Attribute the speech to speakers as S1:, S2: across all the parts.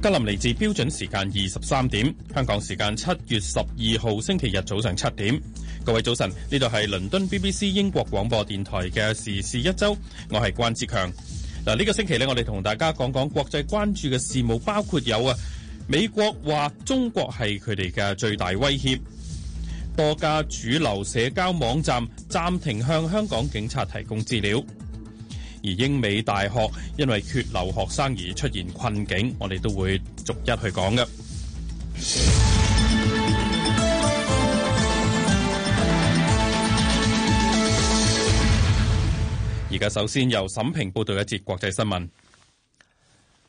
S1: 格林尼治標準時間二十三點，香港時間七月十二號星期日早上七點。各位早晨，呢度係倫敦 BBC 英國廣播電台嘅《時事一周》，我係關志強。嗱，呢個星期咧，我哋同大家講講國際關注嘅事務，包括有啊，美國話中國係佢哋嘅最大威脅，多家主流社交網站暫停向香港警察提供資料。而英美大學因為缺留學生而出現困境，我哋都會逐一去講嘅。而家首先由沈平報導一節國際新聞。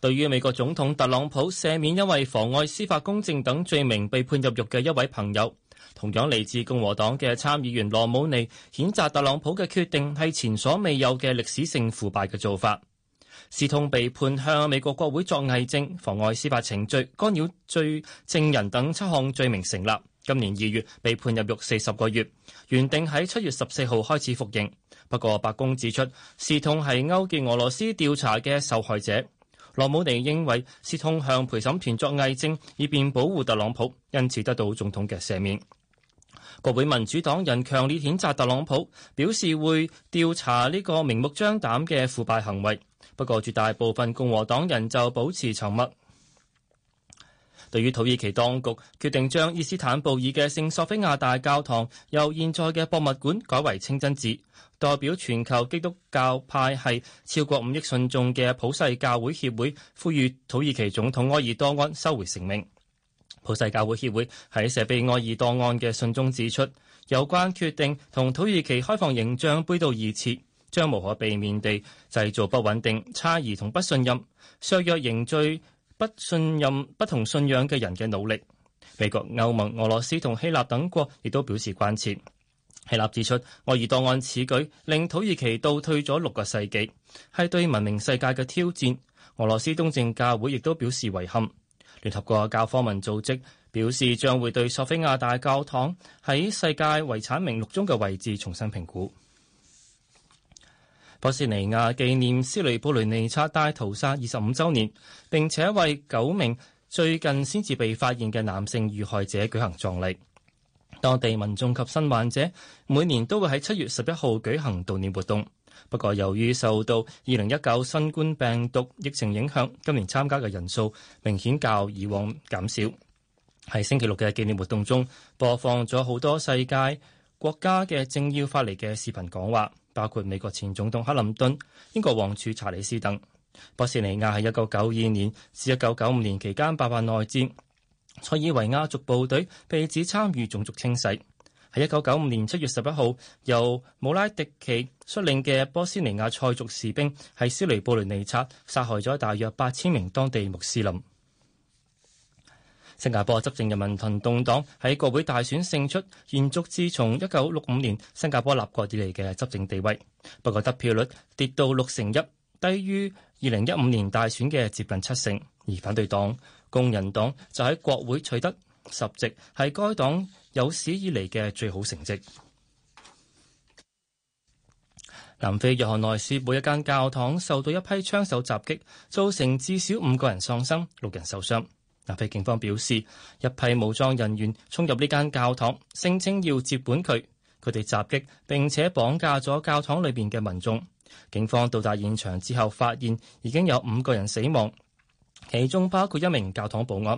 S2: 對於美國總統特朗普赦免因為妨礙司法公正等罪名被判入獄嘅一位朋友。同樣嚟自共和黨嘅參議員羅姆尼譴責特朗普嘅決定係前所未有嘅歷史性腐敗嘅做法。斯通被判向美國國會作偽證、妨礙司法程序、干擾罪證人等七項罪名成立，今年二月被判入獄四十個月，原定喺七月十四號開始服刑。不過，白宮指出，斯通係勾結俄羅斯調查嘅受害者。羅姆尼認為，斯通向陪審團作偽證以便保護特朗普，因此得到總統嘅赦免。國會民主黨人強烈譴責特朗普，表示會調查呢個明目張膽嘅腐敗行為。不過，絕大部分共和黨人就保持沉默。對於土耳其當局決定將伊斯坦布爾嘅聖索菲亞大教堂由現在嘅博物館改為清真寺，代表全球基督教派系超過五億信眾嘅普世教會協會，呼籲土耳其總統埃爾多安收回成命。普世教會協會喺寫俾埃爾多安嘅信中指出，有關決定同土耳其開放形象背道而馳，將無可避免地製造不穩定、差異同不信任，削弱凝聚不信任、不同信仰嘅人嘅努力。美國、歐盟、俄羅斯同希臘等國亦都表示關切。希臘指出，埃爾多安此舉令土耳其倒退咗六個世紀，係對文明世界嘅挑戰。俄羅斯東正教會亦都表示遺憾。聯合國教科文組織表示，將會對索菲亞大教堂喺世界遺產名錄中嘅位置重新評估。波士尼亞紀念斯雷布雷尼察大屠殺二十五周年，並且為九名最近先至被發現嘅男性遇害者舉行葬禮。當地民眾及新患者每年都會喺七月十一號舉行悼念活動。不過，由於受到二零一九新冠病毒疫情影響，今年參加嘅人數明顯較以往減少。喺星期六嘅紀念活動中，播放咗好多世界國家嘅政要發嚟嘅視頻講話，包括美國前總統克林頓、英國王儲查理斯等。波士尼亞喺一九九二年至一九九五年期間爆發內戰，塞爾維亞族部隊被指參與種族清洗。喺一九九五年七月十一號，由姆拉迪奇率領嘅波斯尼亞塞族士兵喺斯雷布雷尼察殺害咗大約八千名當地穆斯林。新加坡執政人民行動黨喺國會大選勝出，延續自從一九六五年新加坡立國以嚟嘅執政地位，不過得票率跌到六成一，低於二零一五年大選嘅接近七成。而反對黨工人黨就喺國會取得十席，係該黨有史以嚟嘅最好成績。南非約翰內斯堡一間教堂受到一批槍手襲擊，造成至少五個人喪生，六人受傷。南非警方表示，一批武裝人員衝入呢間教堂，聲稱要接管佢。佢哋襲擊並且綁架咗教堂裏邊嘅民眾。警方到達現場之後，發現已經有五個人死亡，其中包括一名教堂保安。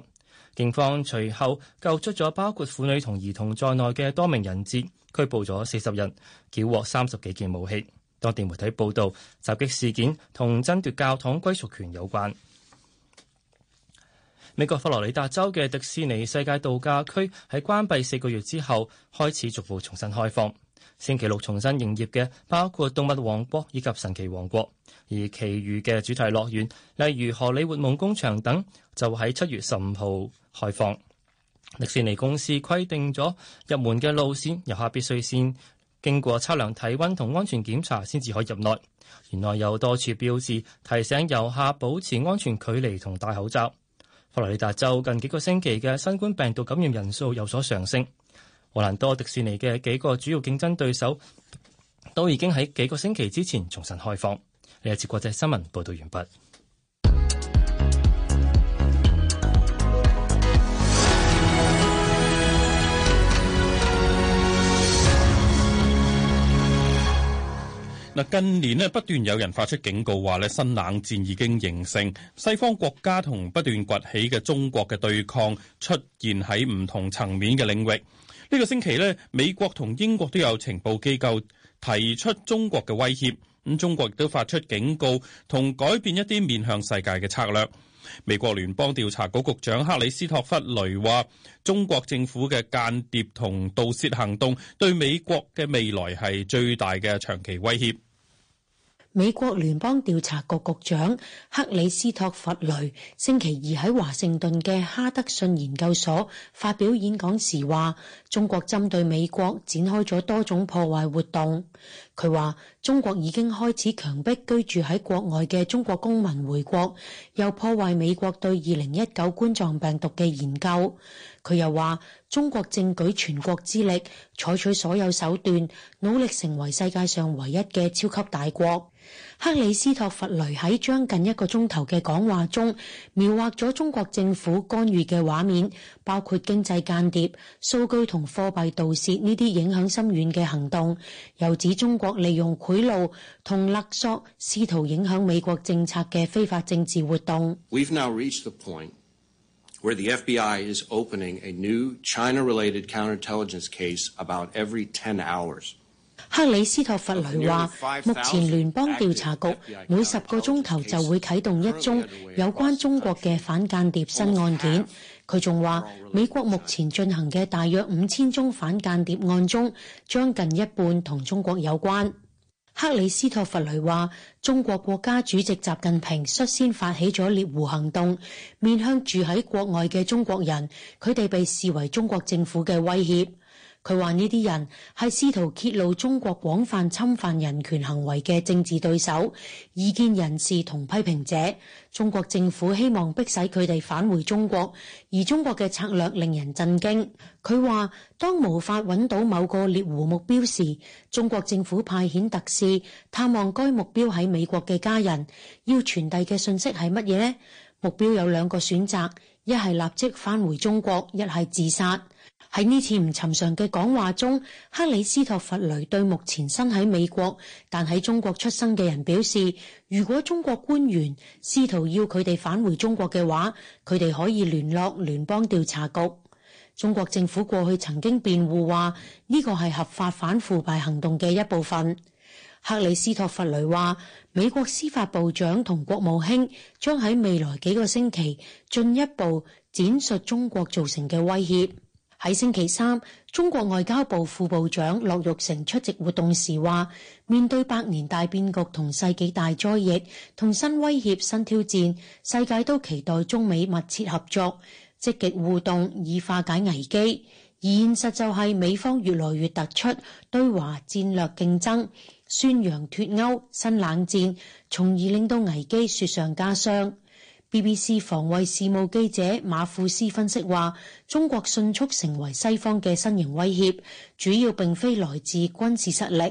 S2: 警方隨後救出咗包括婦女同兒童在內嘅多名人質，拘捕咗四十人，繳獲三十幾件武器。當地媒體報道，襲擊事件同爭奪教堂歸屬權有關。美國佛羅里達州嘅迪士尼世界度假區喺關閉四個月之後，開始逐步重新開放。星期六重新營業嘅包括動物王國以及神奇王國，而其餘嘅主題樂園，例如荷里活夢工場等，就喺七月十五號開放。迪士尼公司規定咗入門嘅路線，遊客必須先經過測量體溫同安全檢查先至可以入內。園內有多處標誌提醒遊客保持安全距離同戴口罩。佛羅里達州近幾個星期嘅新冠病毒感染人數有所上升。奧蘭多迪士尼嘅幾個主要競爭對手都已經喺幾個星期之前重新開放。呢一節國際新聞報道完畢。
S1: 嗱，近年咧，不斷有人發出警告，話咧，新冷戰已經形成，西方國家同不斷崛起嘅中國嘅對抗出現喺唔同層面嘅領域。呢個星期咧，美國同英國都有情報機構提出中國嘅威脅，咁中國亦都發出警告同改變一啲面向世界嘅策略。美國聯邦調查局局長克里斯托弗雷話，中國政府嘅間諜同盜竊行動對美國嘅未來係最大嘅長期威脅。
S3: 美國聯邦調查局局長克里斯托弗雷星期二喺華盛頓嘅哈德遜研究所發表演講時話，中國針對美國展開咗多種破壞活動。佢話：中國已經開始強迫居住喺國外嘅中國公民回國，又破壞美國對二零一九冠狀病毒嘅研究。佢又話：中國正舉全國之力，採取所有手段，努力成為世界上唯一嘅超級大國。克里斯托弗雷喺將近一個鐘頭嘅講話中，描畫咗中國政府干預嘅畫面，包括經濟間諜、數據同貨幣盜竊呢啲影響深遠嘅行動，又指中國利用賄賂同勒索，試圖影響美國政策嘅非法政治活動。
S2: We've now reached the point where the FBI is opening a new China-related counterintelligence case about every 10 hours.
S3: 克里斯托弗雷話，目前聯邦調查局每十個鐘頭就會啟動一宗有關中國嘅反間諜新案件。佢仲話，美國目前進行嘅大約五千宗反間諜案中，將近一半同中國有關。克里斯托弗雷話，中國國家主席習近平率先發起咗獵狐行動，面向住喺國外嘅中國人，佢哋被視為中國政府嘅威脅。佢話呢啲人係試圖揭露中國廣泛侵犯人權行為嘅政治對手、意見人士同批評者。中國政府希望迫使佢哋返回中國，而中國嘅策略令人震驚。佢話當無法揾到某個獵狐目標時，中國政府派遣特使探望該目標喺美國嘅家人，要傳遞嘅信息係乜嘢呢？目標有兩個選擇：一係立即返回中國，一係自殺。喺呢次唔尋常嘅講話中，克里斯托弗雷對目前身喺美國但喺中國出生嘅人表示，如果中國官員試圖要佢哋返回中國嘅話，佢哋可以聯絡聯邦調查局。中國政府過去曾經辯護話呢個係合法反腐敗行動嘅一部分。克里斯托弗雷話，美國司法部長同國務卿將喺未來幾個星期進一步展述中國造成嘅威脅。喺星期三，中國外交部副部長樂玉成出席活動時話：面對百年大變局同世紀大災疫同新威脅、新挑戰，世界都期待中美密切合作、積極互動，以化解危機。而現實就係美方越來越突出對華戰略競爭、宣揚脱歐新冷戰，從而令到危機雪上加霜。BBC 防衛事務記者馬庫斯分析話，中國迅速成為西方嘅新型威脅，主要並非來自軍事實力，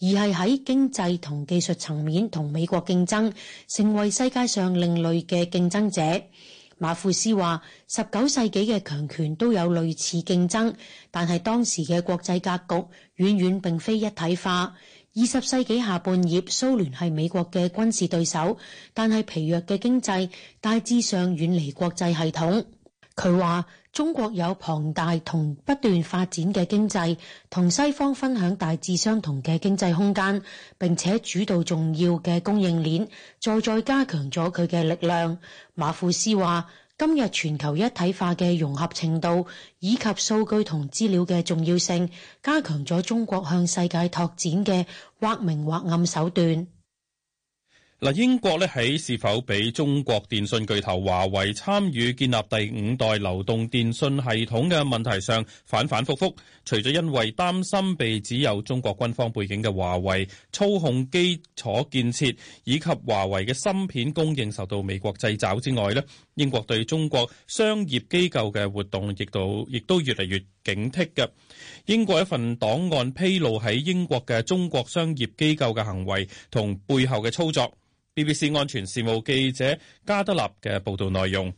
S3: 而係喺經濟同技術層面同美國競爭，成為世界上另類嘅競爭者。馬庫斯話，十九世紀嘅強權都有類似競爭，但係當時嘅國際格局遠遠並非一體化。二十世紀下半葉，蘇聯係美國嘅軍事對手，但係疲弱嘅經濟，大致上遠離國際系統。佢話中國有龐大同不斷發展嘅經濟，同西方分享大致相同嘅經濟空間，並且主導重要嘅供應鏈，再再加強咗佢嘅力量。馬庫斯話。今日全球一體化嘅融合程度，以及數據同資料嘅重要性，加強咗中國向世界拓展嘅或明或暗手段。
S1: 嗱，英國咧，喺是否俾中國電訊巨頭華為參與建立第五代流動電訊系統嘅問題上反反覆覆，除咗因為擔心被指有中國軍方背景嘅華為操控基礎建設，以及華為嘅芯片供應受到美國制裁之外咧，英國對中國商業機構嘅活動亦都亦都越嚟越警惕嘅。英國一份檔案披露喺英國嘅中國商業機構嘅行為同背後嘅操作。BBC 安全事務記者加德納嘅報道內容，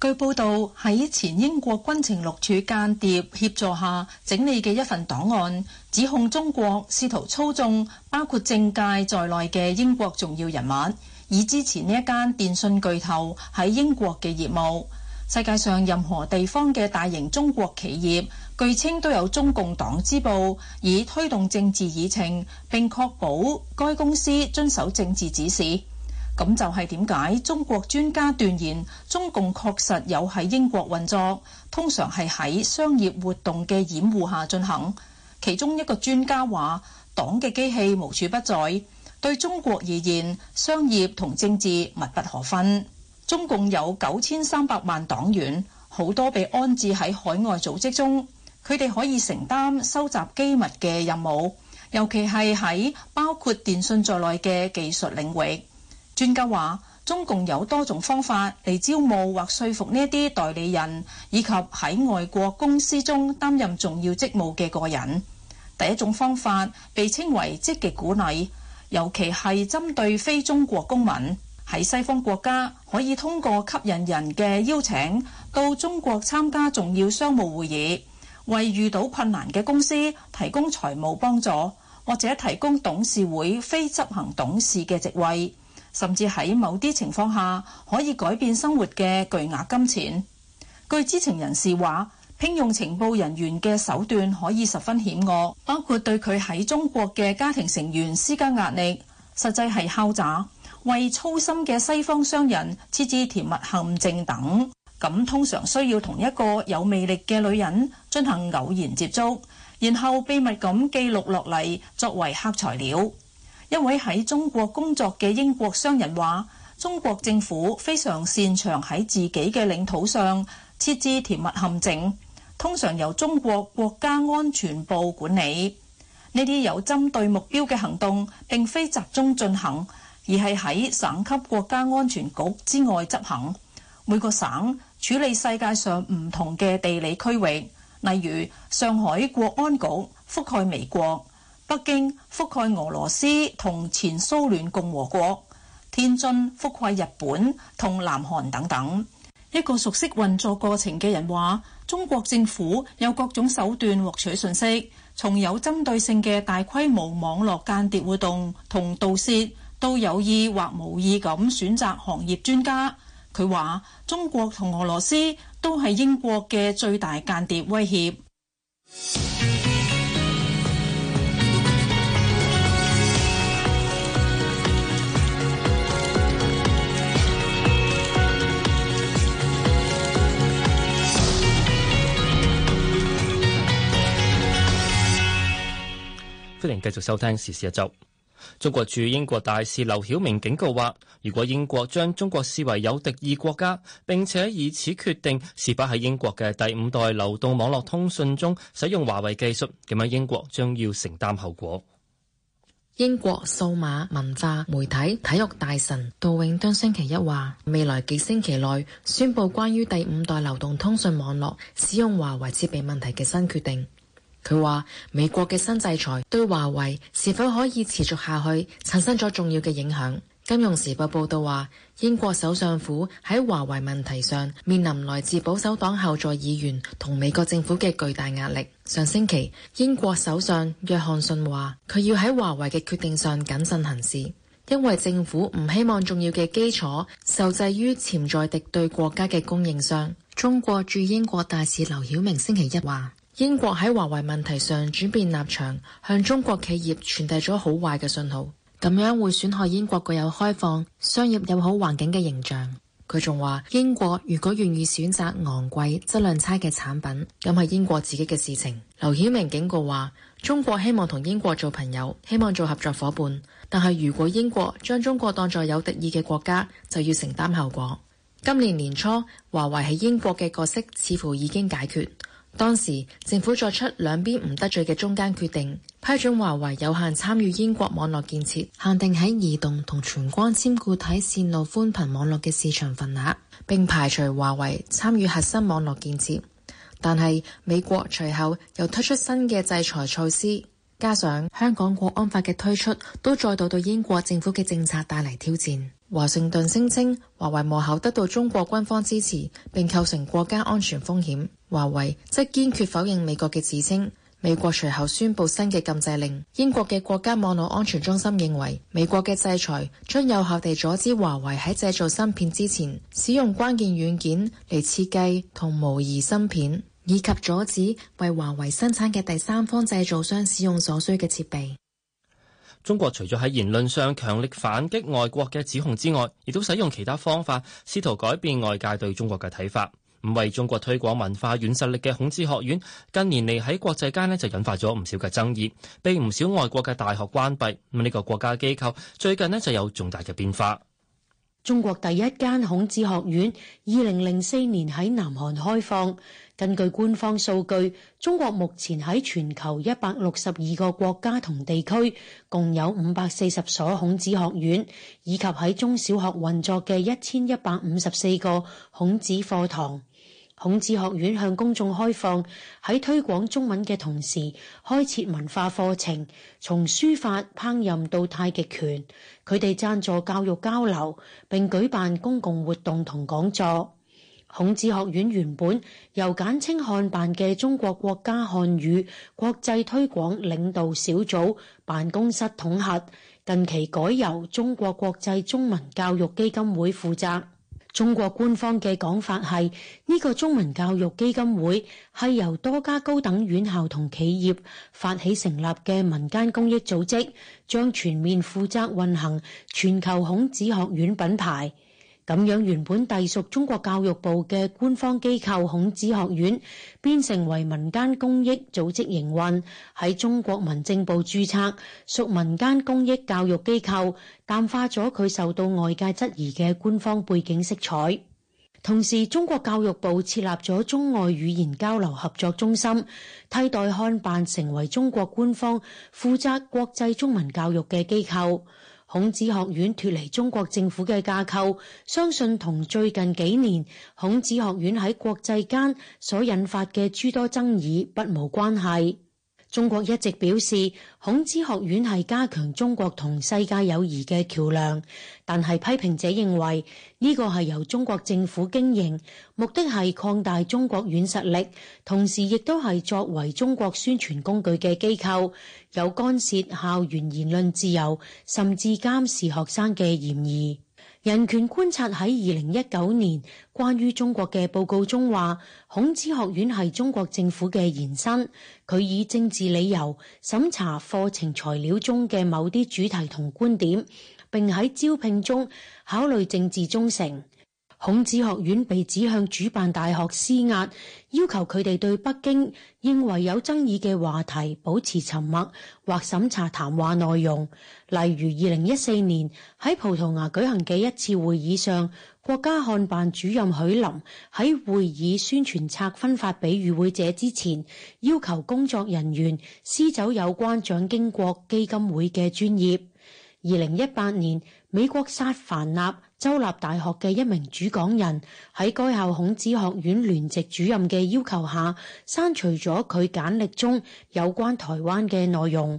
S4: 據報道喺前英國軍情六處間諜協助下整理嘅一份檔案，指控中國試圖操縱包括政界在內嘅英國重要人物，以支持呢一間電訊巨頭喺英國嘅業務。世界上任何地方嘅大型中國企業據稱都有中共黨支部，以推動政治議程，並確保該公司遵守政治指示。咁就係點解中國專家斷言中共確實有喺英國運作，通常係喺商業活動嘅掩護下進行。其中一個專家話黨嘅機器無處不在，對中國而言，商業同政治密不可分。中共有九千三百萬黨員，好多被安置喺海外組織中，佢哋可以承擔收集機密嘅任務，尤其係喺包括電信在內嘅技術領域。專家話，中共有多種方法嚟招募或說服呢一啲代理人，以及喺外國公司中擔任重要職務嘅個人。第一種方法被稱為積極鼓勵，尤其係針對非中國公民。喺西方國家，可以通過吸引人嘅邀請到中國參加重要商務會議，為遇到困難嘅公司提供財務幫助，或者提供董事會非執行董事嘅職位，甚至喺某啲情況下可以改變生活嘅巨額金錢。據知情人士話，聘用情報人員嘅手段可以十分險惡，包括對佢喺中國嘅家庭成員施加壓力，實際係敲詐。為粗心嘅西方商人設置甜蜜陷阱等，咁通常需要同一個有魅力嘅女人進行偶然接觸，然後秘密咁記錄落嚟作為黑材料。一位喺中國工作嘅英國商人話：中國政府非常擅長喺自己嘅領土上設置甜蜜陷阱，通常由中國國家安全部管理。呢啲有針對目標嘅行動，並非集中進行。而係喺省級國家安全局之外執行，每個省處理世界上唔同嘅地理區域，例如上海國安局覆蓋美國，北京覆蓋俄羅斯同前蘇聯共和國，天津覆蓋日本同南韓等等。一個熟悉運作過程嘅人話，中國政府有各種手段獲取信息，從有針對性嘅大規模網絡間諜活動同盜竊。都有意或無意咁選擇行業專家。佢話中國同俄羅斯都係英國嘅最大間諜威脅。
S2: 歡迎繼續收聽時事一周。中國駐英國大使劉曉明警告話，如果英國將中國視為有敵意國家，並且以此決定是否喺英國嘅第五代流動網絡通訊中使用華為技術，咁樣英國將要承擔後果。
S5: 英國數碼文化媒體體育大臣杜永敦星期一話，未來幾星期內宣佈關於第五代流動通訊網絡使用華為設備問題嘅新決定。佢話：美國嘅新制裁對華為是否可以持續下去，產生咗重要嘅影響。金融時報報道話，英國首相府喺華為問題上，面臨來自保守黨後座議員同美國政府嘅巨大壓力。上星期，英國首相約翰遜話，佢要喺華為嘅決定上謹慎行事，因為政府唔希望重要嘅基礎受制於潛在敵對國家嘅供應商。中國駐英國大使劉曉明星期一話。英國喺華為問題上轉變立場，向中國企業傳遞咗好壞嘅信號，咁樣會損害英國具有開放、商業友好環境嘅形象。佢仲話，英國如果願意選擇昂貴、質量差嘅產品，咁係英國自己嘅事情。劉曉明警告話，中國希望同英國做朋友，希望做合作夥伴，但係如果英國將中國當作有敵意嘅國家，就要承擔後果。今年年初，華為喺英國嘅角色似乎已經解決。當時政府作出兩邊唔得罪嘅中間決定，批准華為有限參與英國網絡建設，限定喺移動同全光纖固體線路寬頻網絡嘅市場份額，並排除華為參與核心網絡建設。但係美國隨後又推出新嘅制裁措施，加上香港國安法嘅推出，都再度對英國政府嘅政策帶嚟挑戰。華盛頓聲稱華為幕後得到中國軍方支持，並構成國家安全風險。華為則堅決否認美國嘅指稱。美國隨後宣布新嘅禁制令。英國嘅國家網絡安全中心認為，美國嘅制裁將有效地阻止華為喺製造芯片之前使用關鍵軟件嚟設計同模擬芯片，以及阻止為華為生產嘅第三方製造商使用所需嘅設備。
S2: 中國除咗喺言論上強力反擊外國嘅指控之外，亦都使用其他方法試圖改變外界對中國嘅睇法。唔為中國推廣文化軟實力嘅孔子學院，近年嚟喺國際間呢就引發咗唔少嘅爭議，被唔少外國嘅大學關閉。咁、這、呢個國家機構最近呢就有重大嘅變化。
S3: 中國第一間孔子學院，二零零四年喺南韓開放。根據官方數據，中國目前喺全球一百六十二個國家同地區，共有五百四十所孔子學院，以及喺中小學運作嘅一千一百五十四個孔子課堂。孔子學院向公眾開放，喺推廣中文嘅同時，開設文化課程，從書法、烹飪到太極拳。佢哋贊助教育交流，並舉辦公共活動同講座。孔子學院原本由簡稱漢辦嘅中國國家漢語國際推廣領導小組辦公室統合，近期改由中國國際中文教育基金會負責。中國官方嘅講法係，呢個中文教育基金會係由多家高等院校同企業發起成立嘅民間公益組織，將全面負責運行全球孔子學院品牌。咁樣原本隸屬中國教育部嘅官方機構孔子學院，變成為民間公益組織營運，喺中國民政部註冊，屬民間公益教育機構，淡化咗佢受到外界質疑嘅官方背景色彩。同時，中國教育部設立咗中外語言交流合作中心，替代漢辦成為中國官方負責國際中文教育嘅機構。孔子學院脫離中國政府嘅架構，相信同最近幾年孔子學院喺國際間所引發嘅諸多爭議不無關係。中國一直表示，孔子學院係加強中國同世界友誼嘅橋梁，但係批評者認為呢個係由中國政府經營，目的係擴大中國軟實力，同時亦都係作為中國宣傳工具嘅機構，有干涉校園言論自由，甚至監視學生嘅嫌疑。人權觀察喺二零一九年關於中國嘅報告中話，孔子學院係中國政府嘅延伸，佢以政治理由審查課程材料中嘅某啲主題同觀點，並喺招聘中考慮政治忠誠。孔子學院被指向主辦大學施壓，要求佢哋對北京認為有爭議嘅話題保持沉默或審查談話內容，例如二零一四年喺葡萄牙舉行嘅一次會議上，國家漢辦主任許琳喺會議宣傳冊分發俾與會者之前，要求工作人員撕走有關蔣經國基金會嘅專頁。二零一八年，美國薩凡納州立大學嘅一名主講人喺該校孔子學院聯席主任嘅要求下，刪除咗佢簡歷中有關台灣嘅內容。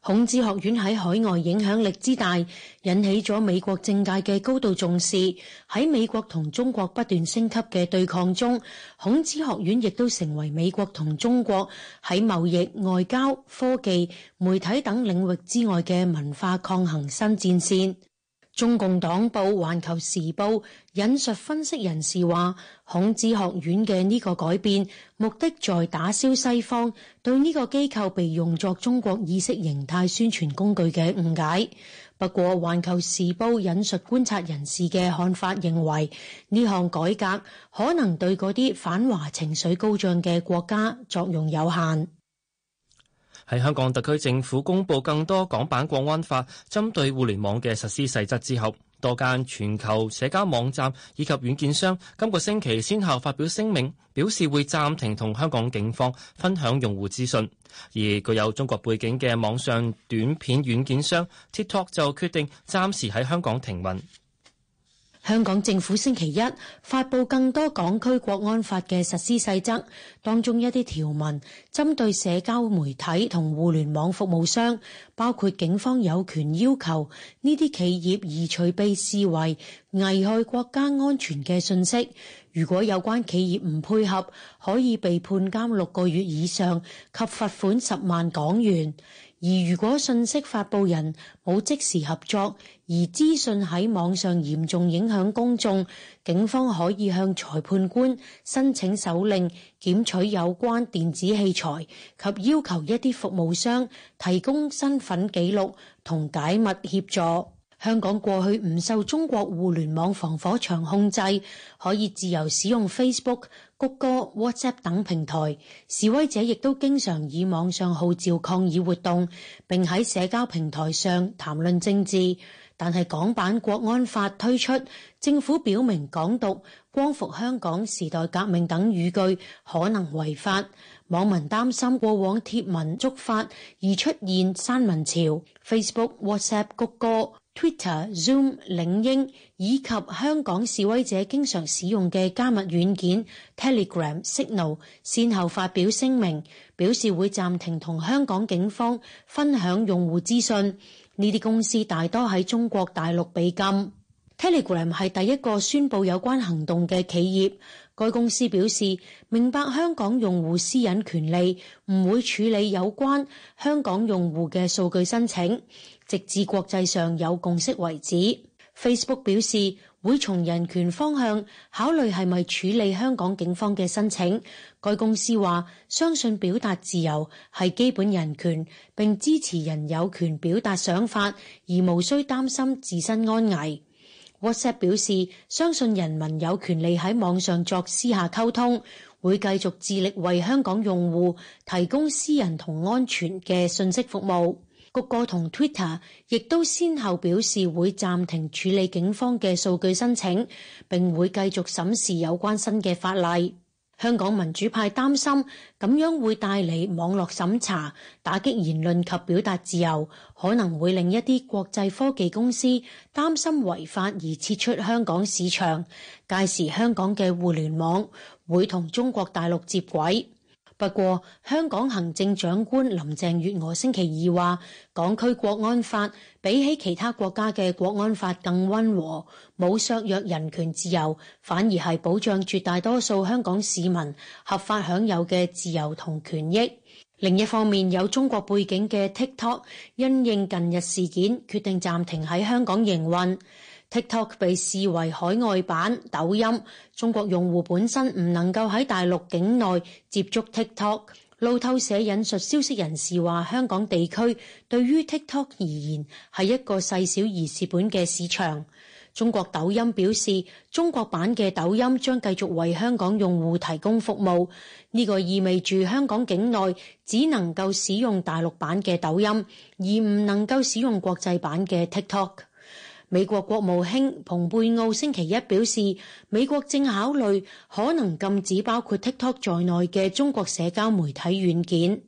S3: 孔子學院喺海外影響力之大，引起咗美國政界嘅高度重視。喺美國同中國不斷升級嘅對抗中，孔子學院亦都成為美國同中國喺貿易、外交、科技、媒體等領域之外嘅文化抗衡新戰線。中共黨報《環球時報》引述分析人士話，孔子學院嘅呢個改變，目的在打消西方對呢個機構被用作中國意識形態宣傳工具嘅誤解。不過，《環球時報》引述觀察人士嘅看法，認為呢項改革可能對嗰啲反華情緒高漲嘅國家作用有限。
S2: 喺香港特區政府公布更多港版《國安法》針對互聯網嘅實施細則之後，多間全球社交網站以及軟件商今個星期先後發表聲明，表示會暫停同香港警方分享用戶資訊。而具有中國背景嘅網上短片軟件商 TikTok 就決定暫時喺香港停運。
S3: 香港政府星期一發布更多港區國安法嘅實施細則，當中一啲條文針對社交媒體同互聯網服務商，包括警方有權要求呢啲企業移除被視為危害國家安全嘅信息。如果有關企業唔配合，可以被判監六個月以上及罰款十萬港元。而如果信息發布人冇即時合作，而資訊喺網上嚴重影響公眾，警方可以向裁判官申請手令，檢取有關電子器材，及要求一啲服務商提供身份記錄，同解密協助。香港過去唔受中國互聯網防火牆控制，可以自由使用 Facebook、谷歌、WhatsApp 等平台。示威者亦都經常以網上號召抗議活動，並喺社交平台上談論政治。但係港版國安法推出，政府表明「港獨」、「光復香港」、「時代革命」等語句可能違法。網民擔心過往貼文觸發而出現刪文潮，Facebook、WhatsApp、谷歌、Twitter、Zoom、領英以及香港示威者經常使用嘅加密軟件 Telegram、Signal，先後發表聲明，表示會暫停同香港警方分享用戶資訊。呢啲公司大多喺中國大陸被禁。Telegram 係第一個宣布有關行動嘅企業。該公司表示明白香港用戶私隱權利，唔會處理有關香港用戶嘅數據申請，直至國際上有共識為止。Facebook 表示會從人權方向考慮，係咪處理香港警方嘅申請。該公司話相信表達自由係基本人權，並支持人有權表達想法，而無需擔心自身安危。WhatsApp 表示相信人民有權利喺網上作私下溝通，會繼續致力為香港用戶提供私人同安全嘅信息服務。谷歌同 Twitter 亦都先後表示會暫停處理警方嘅數據申請，並會繼續審視有關新嘅法例。香港民主派擔心咁樣會帶嚟網絡審查，打擊言論及表達自由，可能會令一啲國際科技公司擔心違法而撤出香港市場。屆時，香港嘅互聯網會同中國大陸接軌。不過，香港行政長官林鄭月娥星期二話，港區國安法比起其他國家嘅國安法更溫和，冇削弱人權自由，反而係保障絕大多數香港市民合法享有嘅自由同權益。另一方面，有中國背景嘅 TikTok 因應近日事件，決定暫停喺香港營運。TikTok 被視為海外版抖音，中國用戶本身唔能夠喺大陸境內接觸 TikTok。路透社引述消息人士話：香港地區對於 TikTok 而言係一個細小而蝕本嘅市場。中國抖音表示，中國版嘅抖音將繼續為香港用戶提供服務。呢、這個意味住香港境內只能夠使用大陸版嘅抖音，而唔能夠使用國際版嘅 TikTok。美國國務卿蓬佩奧星期一表示，美國正考慮可能禁止包括 TikTok 在內嘅中國社交媒體軟件。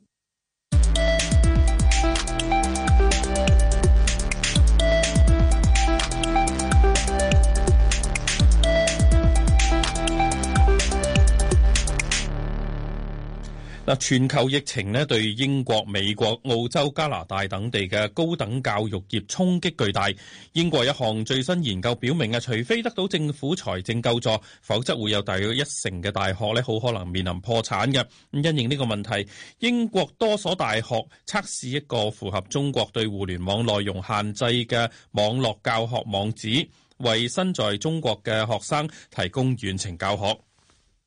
S1: 嗱，全球疫情咧，對英國、美國、澳洲、加拿大等地嘅高等教育業衝擊巨大。英國一項最新研究表明，啊，除非得到政府財政救助，否則會有大約一成嘅大學咧，好可能面臨破產嘅。咁因應呢個問題，英國多所大學測試一個符合中國對互聯網內容限制嘅網絡教學網址，為身在中國嘅學生提供遠程教學。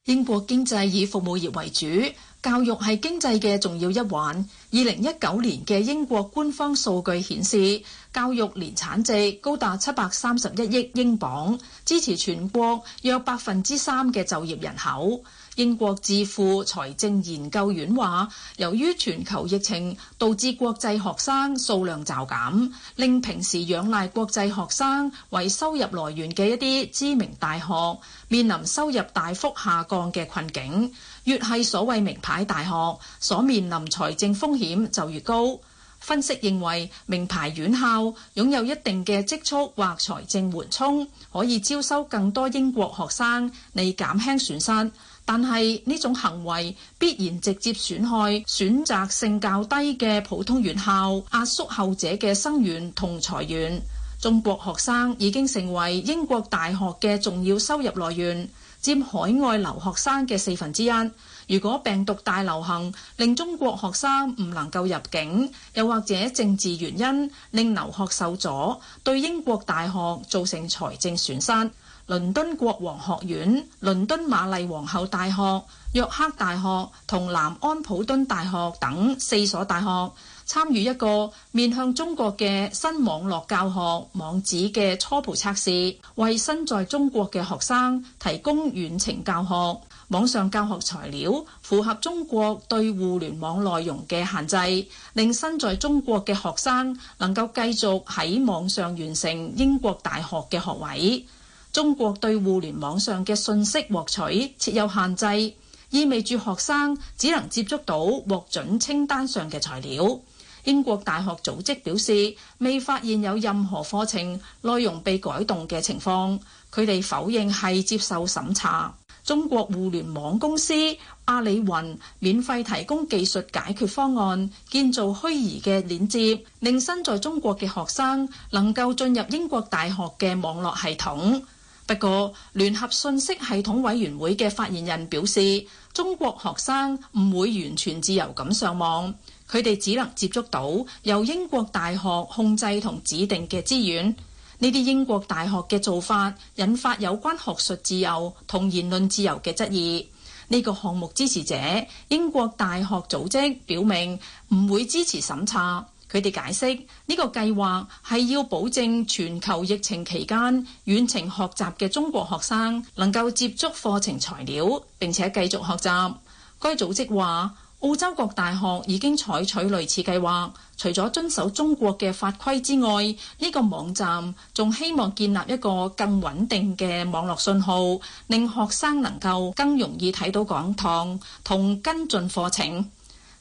S4: 英國經濟以服務業為主。教育係經濟嘅重要一環。二零一九年嘅英國官方數據顯示，教育年產值高達七百三十一億英鎊，支持全國約百分之三嘅就業人口。英國智庫財政研究院話，由於全球疫情導致國際學生數量驟減，令平時仰賴國際學生為收入來源嘅一啲知名大學面臨收入大幅下降嘅困境。越係所謂名牌大學，所面臨財政風險就越高。分析認為，名牌院校擁有一定嘅積蓄或財政緩衝，可以招收更多英國學生嚟減輕損失。但係呢種行為必然直接損害選擇性較低嘅普通院校，壓縮後者嘅生源同財源。中國學生已經成為英國大學嘅重要收入來源。佔海外留學生嘅四分之一。如果病毒大流行令中國學生唔能夠入境，又或者政治原因令留學受阻，對英國大學造成財政損失。倫敦國王學院、倫敦瑪麗皇后大學、約克大學同南安普敦大學等四所大學，參與一個面向中國嘅新網絡教學網址嘅初步測試，為身在中國嘅學生提供遠程教學、網上教學材料，符合中國對互聯網內容嘅限制，令身在中國嘅學生能夠繼續喺網上完成英國大學嘅學位。中國對互聯網上嘅信息獲取設有限制，意味住學生只能接觸到獲准清單上嘅材料。英國大學組織表示，未發現有任何課程內容被改動嘅情況，佢哋否認係接受審查。中國互聯網公司阿里雲免費提供技術解決方案，建造虛擬嘅鏈接，令身在中國嘅學生能夠進入英國大學嘅網絡系統。不過，聯合信息系統委員會嘅發言人表示，中國學生唔會完全自由咁上網。佢哋只能接觸到由英國大學控制同指定嘅資源。呢啲英國大學嘅做法引發有關學術自由同言論自由嘅質疑。呢個項目支持者英國大學組織表明唔會支持審查。佢哋解釋呢個計劃係要保證全球疫情期間遠程學習嘅中國學生能夠接觸課程材料，並且繼續學習。該組織話，澳洲各大學已經採取類似計劃，除咗遵守中國嘅法規之外，呢、這個網站仲希望建立一個更穩定嘅網絡信號，令學生能夠更容易睇到講堂同跟進課程。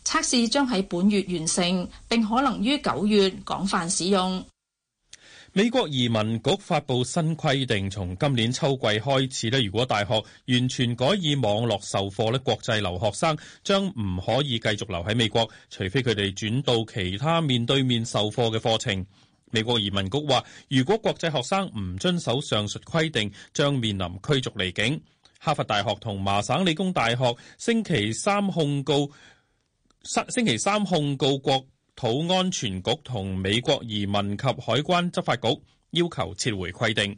S4: 測試將喺本月完成，並可能於九月廣泛使用。
S1: 美國移民局發布新規定，從今年秋季開始咧，如果大學完全改以網絡授課咧，國際留學生將唔可以繼續留喺美國，除非佢哋轉到其他面對面授課嘅課程。美國移民局話，如果國際學生唔遵守上述規定，將面臨驅逐離境。哈佛大學同麻省理工大學星期三控告，星星期三控告國。土安全局同美國移民及海關執法局要求撤回規定。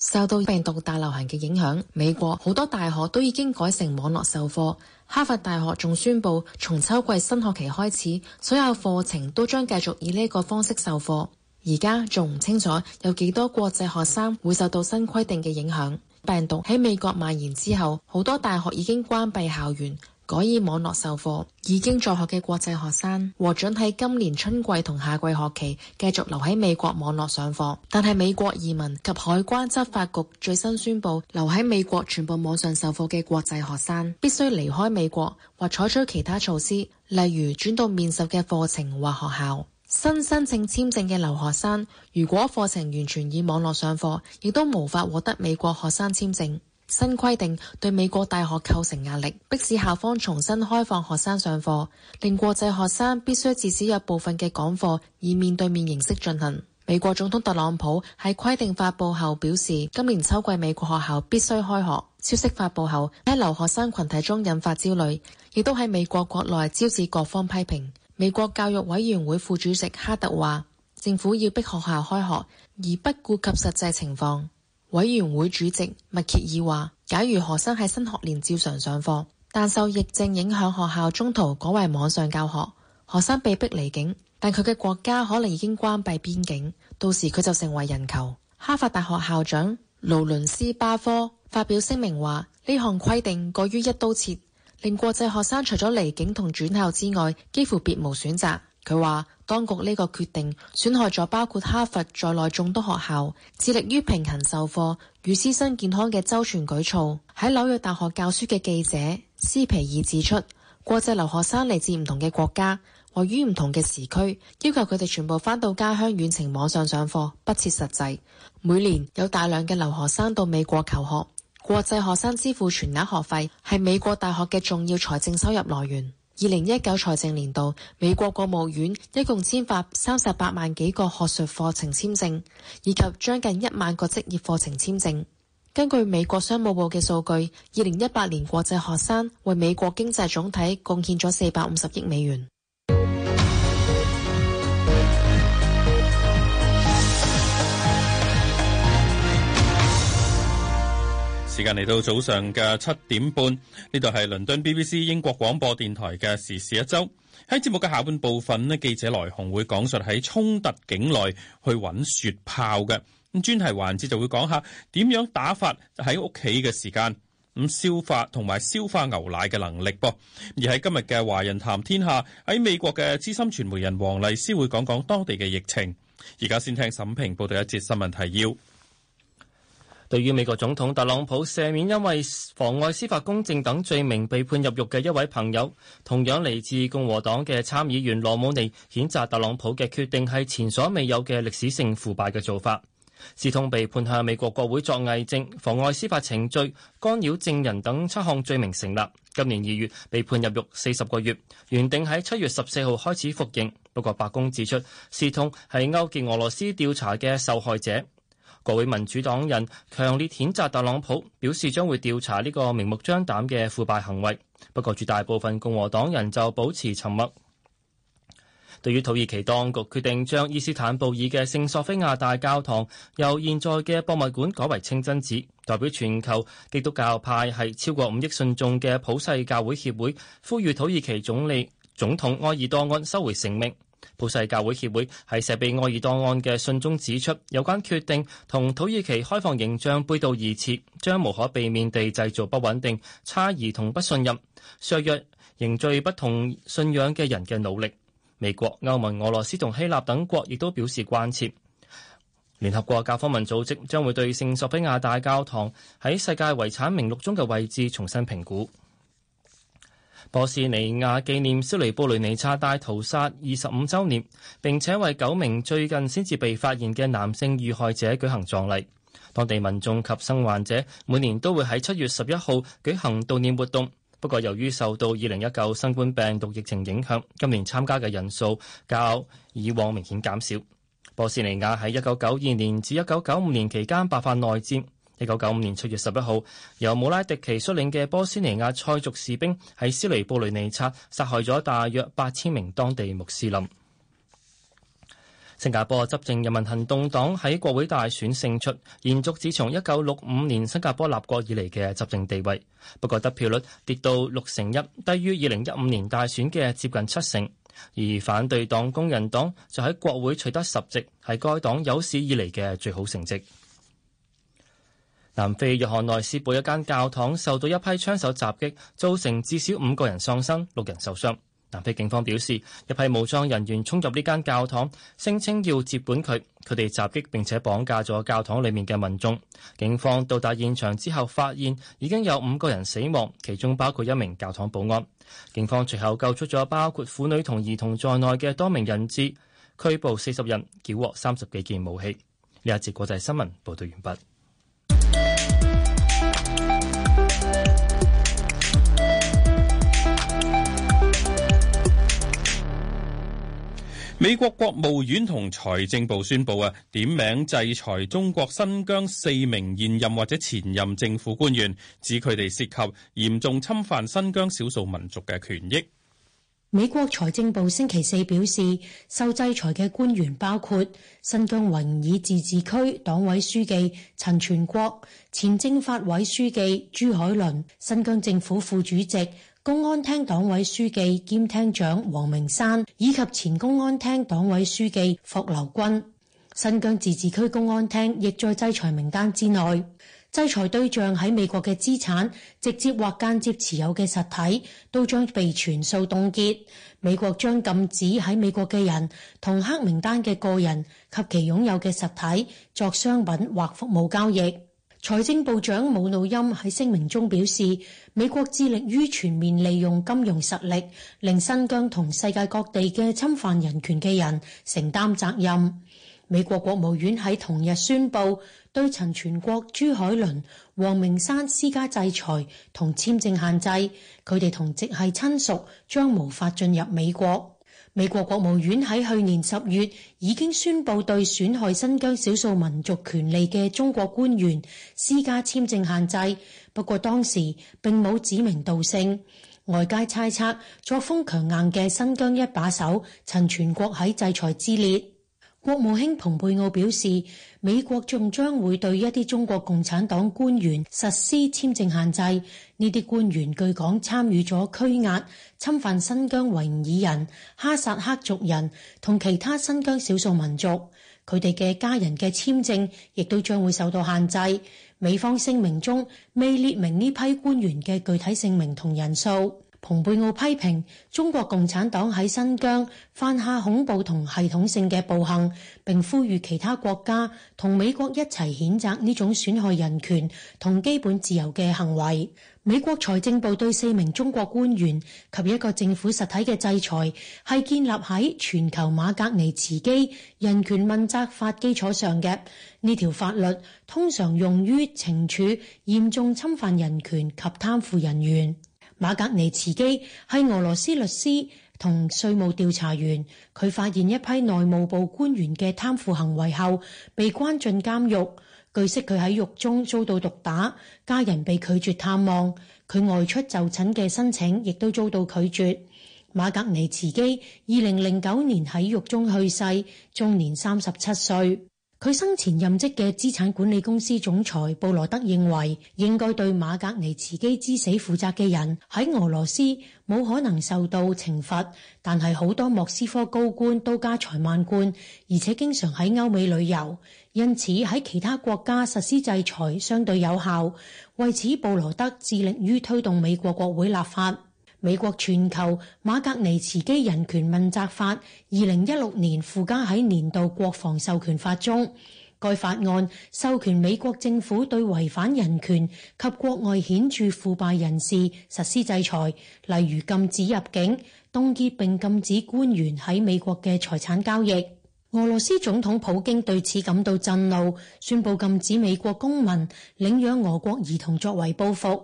S5: 受到病毒大流行嘅影響，美國好多大學都已經改成網絡授課。哈佛大學仲宣佈，從秋季新學期開始，所有課程都將繼續以呢個方式授課。而家仲唔清楚有幾多國際學生會受到新規定嘅影響。病毒喺美國蔓延之後，好多大學已經關閉校園。改以網絡授課，已經在學嘅國際學生獲准喺今年春季同夏季學期繼續留喺美國網絡上課。但係美國移民及海關執法局最新宣布，留喺美國全部網上授課嘅國際學生必須離開美國或採取其他措施，例如轉到面授嘅課程或學校。新申請簽證嘅留學生如果課程完全以網絡上課，亦都無法獲得美國學生簽證。新規定對美國大學構成壓力，迫使校方重新開放學生上課，令國際學生必須至少有部分嘅講課以面對面形式進行。美國總統特朗普喺規定發布後表示，今年秋季美國學校必須開學。消息發布後，喺留學生群體中引發焦慮，亦都喺美國國內招致各方批評。美國教育委員會副主席哈特話：政府要逼學校開學，而不顧及實際情況。委員會主席麥歇爾話，假如學生喺新學年照常上課，但受疫症影響，學校中途改為網上教學，學生被迫離境，但佢嘅國家可能已經關閉邊境，到時佢就成為人球。哈佛大學校長勞倫斯巴科發表聲明話，呢項規定過於一刀切，令國際學生除咗離境同轉校之外，幾乎別無選擇。佢話：當局呢個決定損害咗包括哈佛在內眾多學校致力於平衡授課與師生健康嘅周全舉措。喺紐約大學教書嘅記者斯皮爾指出，國際留學生嚟自唔同嘅國家，位於唔同嘅時區，要求佢哋全部返到家鄉遠程網上上課不切實際。每年有大量嘅留學生到美國求學，國際學生支付全額學費係美國大學嘅重要財政收入來源。二零一九財政年度，美國國務院一共簽發三十八萬幾個學術課程簽證，以及將近一萬個職業課程簽證。根據美國商務部嘅數據，二零一八年國際學生為美國經濟總體貢獻咗四百五十億美元。
S1: 時間嚟到早上嘅七點半，呢度係倫敦 BBC 英國廣播電台嘅時事一周。喺節目嘅下半部分咧，記者來鴻會講述喺衝突境內去揾雪豹嘅。咁專題環節就會講下點樣打發喺屋企嘅時間，咁消化同埋消化牛奶嘅能力噃。而喺今日嘅華人談天下，喺美國嘅資深傳媒人黃麗斯會講講當地嘅疫情。
S2: 而家先聽沈平報道一節新聞提要。對於美國總統特朗普赦免因為妨礙司法公正等罪名被判入獄嘅一位朋友，同樣嚟自共和黨嘅參議員羅姆尼，譴責特朗普嘅決定係前所未有嘅歷史性腐敗嘅做法。斯通被判向美國國會作偽證、妨礙司法程序、干擾證人等七項罪名成立，今年二月被判入獄四十個月，原定喺七月十四號開始服刑。不過白宮指出，斯通係勾結俄羅斯調查嘅受害者。各位民主黨人強烈譴責特朗普，表示將會調查呢個明目張膽嘅腐敗行為。不過，絕大部分共和黨人就保持沉默。對於土耳其當局決定將伊斯坦布爾嘅聖索菲亞大教堂由現在嘅博物館改為清真寺，代表全球基督教派系超過五億信眾嘅普世教會協會，呼籲土耳其總理總統埃爾多安收回成命。普世教會協會喺寫畀埃爾多安嘅信中指出，有關決定同土耳其開放形象背道而馳，將無可避免地製造不穩定、差異同不信任，削弱凝聚不同信仰嘅人嘅努力。美國、歐盟、俄羅斯同希臘等國亦都表示關切。聯合國教科文組織將會對聖索菲亞大教堂喺世界遺產名錄中嘅位置重新評估。波斯尼亞紀念斯雷布雷尼察大屠殺二十五週年，並且為九名最近先至被發現嘅男性遇害者舉行葬禮。當地民眾及生還者每年都會喺七月十一號舉行悼念活動，不過由於受到二零一九新冠病毒疫情影響，今年參加嘅人數較以往明顯減少。波斯尼亞喺一九九二年至一九九五年期間爆發內戰。一九九五年七月十一號，由姆拉迪奇率領嘅波斯尼亞塞族士兵喺斯雷布雷尼察殺害咗大約八千名當地穆斯林。新加坡執政人民行動黨喺國會大選勝出，延續自從一九六五年新加坡立國以嚟嘅執政地位。不過得票率跌到六成一，低於二零一五年大選嘅接近七成。而反對黨工人黨就喺國會取得十席，係該黨有史以嚟嘅最好成績。南非約翰內斯堡一間教堂受到一批槍手襲擊，造成至少五個人喪生，六人受傷。南非警方表示，一批武裝人員沖入呢間教堂，聲稱要接管佢。佢哋襲擊並且綁架咗教堂裏面嘅民眾。警方到達現場之後，發現已經有五個人死亡，其中包括一名教堂保安。警方隨後救出咗包括婦女同兒童在內嘅多名人質，拘捕四十人，繳獲三十幾件武器。呢一節國際新聞報道完畢。
S1: 美國國務院同財政部宣布啊，點名制裁中國新疆四名現任或者前任政府官員，指佢哋涉及嚴重侵犯新疆少數民族嘅權益。
S3: 美國財政部星期四表示，受制裁嘅官員包括新疆維吾爾自治區黨委書記陳全國、前政法委書記朱海侖、新疆政府副主席。公安廳黨委書記兼廳長王明山以及前公安廳黨委書記霍留軍，新疆自治區公安廳亦在制裁名單之內。制裁對象喺美國嘅資產，直接或間接持有嘅實體都將被全數凍結。美國將禁止喺美國嘅人同黑名單嘅個人及其擁有嘅實體作商品或服務交易。財政部長姆努欽喺聲明中表示，美國致力於全面利用金融實力，令新疆同世界各地嘅侵犯人權嘅人承擔責任。美國國務院喺同日宣布，對陳全國、朱海倫、黃明山施加制裁同簽證限制，佢哋同直系親屬將無法進入美國。美國國務院喺去年十月已經宣布對損害新疆少數民族權利嘅中國官員施加簽證限制，不過當時並冇指名道姓。外界猜測，作風強硬嘅新疆一把手陳全國喺制裁之列。國務卿蓬佩奧表示，美國仲將會對一啲中國共產黨官員實施簽證限制。呢啲官員據講參與咗拘押、侵犯新疆維吾爾人、哈薩克族人同其他新疆少數民族。佢哋嘅家人嘅簽證亦都將會受到限制。美方聲明中未列明呢批官員嘅具體姓名同人數。蓬佩奧批評中國共產黨喺新疆犯下恐怖同系統性嘅暴行，並呼籲其他國家同美國一齊譴責呢種損害人權同基本自由嘅行為。美國財政部對四名中國官員及一個政府實體嘅制裁，係建立喺全球馬格尼茨基人權問責法基礎上嘅。呢條法律通常用於懲處嚴重侵犯人權及貪腐人員。馬格尼茨基係俄羅斯律師同稅務調查員，佢發現一批內務部官員嘅貪腐行為後，被關進監獄。據悉佢喺獄中遭到毒打，家人被拒絕探望，佢外出就診嘅申請亦都遭到拒絕。馬格尼茨基二零零九年喺獄中去世，終年三十七歲。佢生前任職嘅資產管理公司總裁布羅德認為，應該對馬格尼茨基之死負責嘅人喺俄羅斯冇可能受到懲罰，但係好多莫斯科高官都家財萬貫，而且經常喺歐美旅遊，因此喺其他國家實施制裁相對有效。為此，布羅德致力於推動美國國會立法。美國全球馬格尼茨基人權問責法，二零一六年附加喺年度國防授權法中。該法案授權美國政府對違反人權及國外顯著腐敗人士實施制裁，例如禁止入境、凍結並禁止官員喺美國嘅財產交易。俄羅斯總統普京對此感到震怒，宣佈禁止美國公民領養俄國兒童作為報復。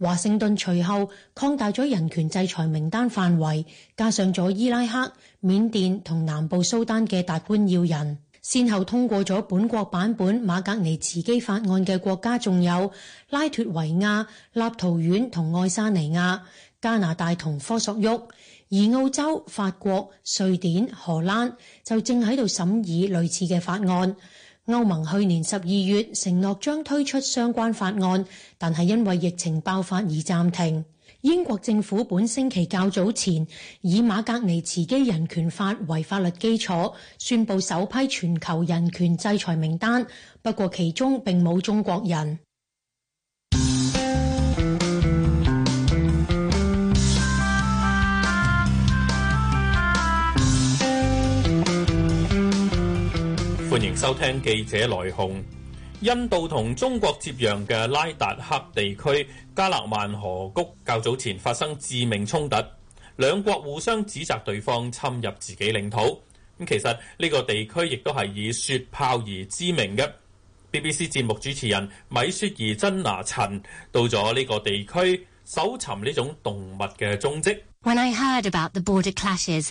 S3: 華盛頓隨後擴大咗人權制裁名單範圍，加上咗伊拉克、緬甸同南部蘇丹嘅達官要人，先後通過咗本國版本馬格尼茨基法案嘅國家仲有拉脫維亞、立陶宛同愛沙尼亞、加拿大同科索沃，而澳洲、法國、瑞典、荷蘭就正喺度審議類似嘅法案。歐盟去年十二月承諾將推出相關法案，但係因為疫情爆發而暫停。英國政府本星期較早前以馬格尼茨基人權法為法律基礎，宣布首批全球人權制裁名單，不過其中並冇中國人。
S1: 歡迎收聽記者來鴻。印度同中國接壤嘅拉達克地區加勒萬河谷較早前發生致命衝突，兩國互相指責對方侵入自己領土。咁其實呢個地區亦都係以雪豹而知名嘅。BBC 節目主持人米雪兒珍拿陳到咗呢個地區搜尋呢種動物嘅蹤跡。
S3: When I heard about the border clashes.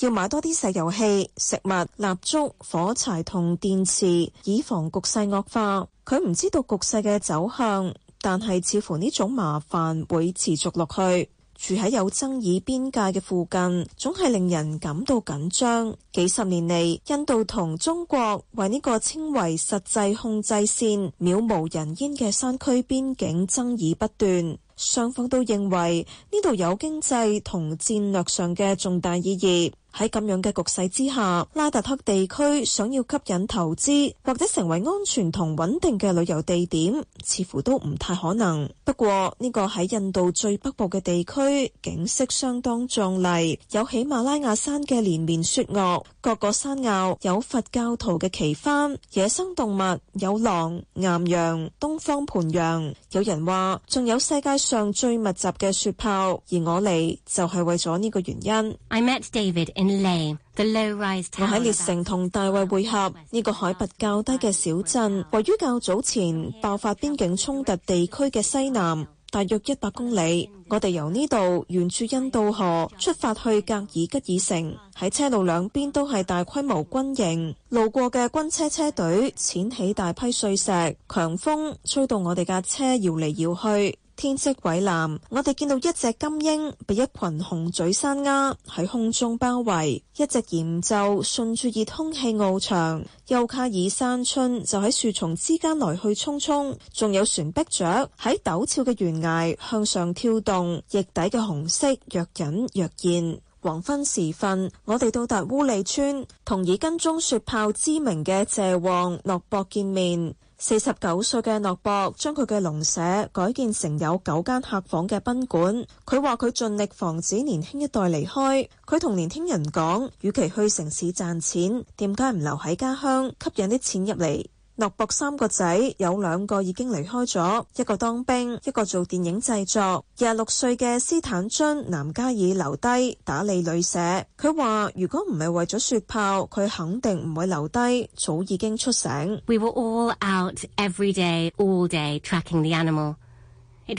S6: 要買多啲石油氣、食物、蠟燭、火柴同電池，以防局勢惡化。佢唔知道局勢嘅走向，但係似乎呢種麻煩會持續落去。住喺有爭議邊界嘅附近，總係令人感到緊張。幾十年嚟，印度同中國為呢個稱為實際控制線，渺無人煙嘅山區邊境爭議不斷。雙方都認為呢度有經濟同戰略上嘅重大意義。喺咁樣嘅局勢之下，拉達克地區想要吸引投資或者成為安全同穩定嘅旅遊地點，似乎都唔太可能。不過呢個喺印度最北部嘅地區，景色相當壯麗，有喜馬拉雅山嘅連綿雪岳，各個山坳有佛教徒嘅旗幡，野生動物有狼、岩羊、東方盤羊，有人話仲有世界上最密集嘅雪豹。而我嚟就係為咗呢個原因。I met David 我喺列城同大衛會合，呢、這個海拔較低嘅小鎮，位於較早前爆發邊境衝突地區嘅西南，大約一百公里。我哋由呢度沿住印度河出發去格爾吉爾城，喺車路兩邊都係大規模軍營，路過嘅軍車車隊濺起大批碎石，強風吹到我哋架車搖嚟搖去。天色蔚藍，我哋見到一隻金鷹被一群紅嘴山鴉喺空中包圍，一隻岩鷲順住熱空氣翱翔，丘卡爾山鶉就喺樹叢之間來去匆匆，仲有船壁雀喺陡峭嘅懸崖向上跳動，翼底嘅紅色若隱若現。黃昏時分，我哋到達烏里村，同以跟蹤雪豹知名嘅謝旺諾博見面。四十九歲嘅諾博將佢嘅農舍改建成有九間客房嘅賓館。佢話佢盡力防止年輕一代離開。佢同年輕人講，與其去城市賺錢，點解唔留喺家鄉，吸引啲錢入嚟？諾博三個仔有兩個已經離開咗，一個當兵，一個做電影製作。廿六歲嘅斯坦津南加爾留低打理旅社。佢話如果唔係為咗雪豹，佢肯定唔會留低，早已經出城。We were all out every day, all day, tracking the animal.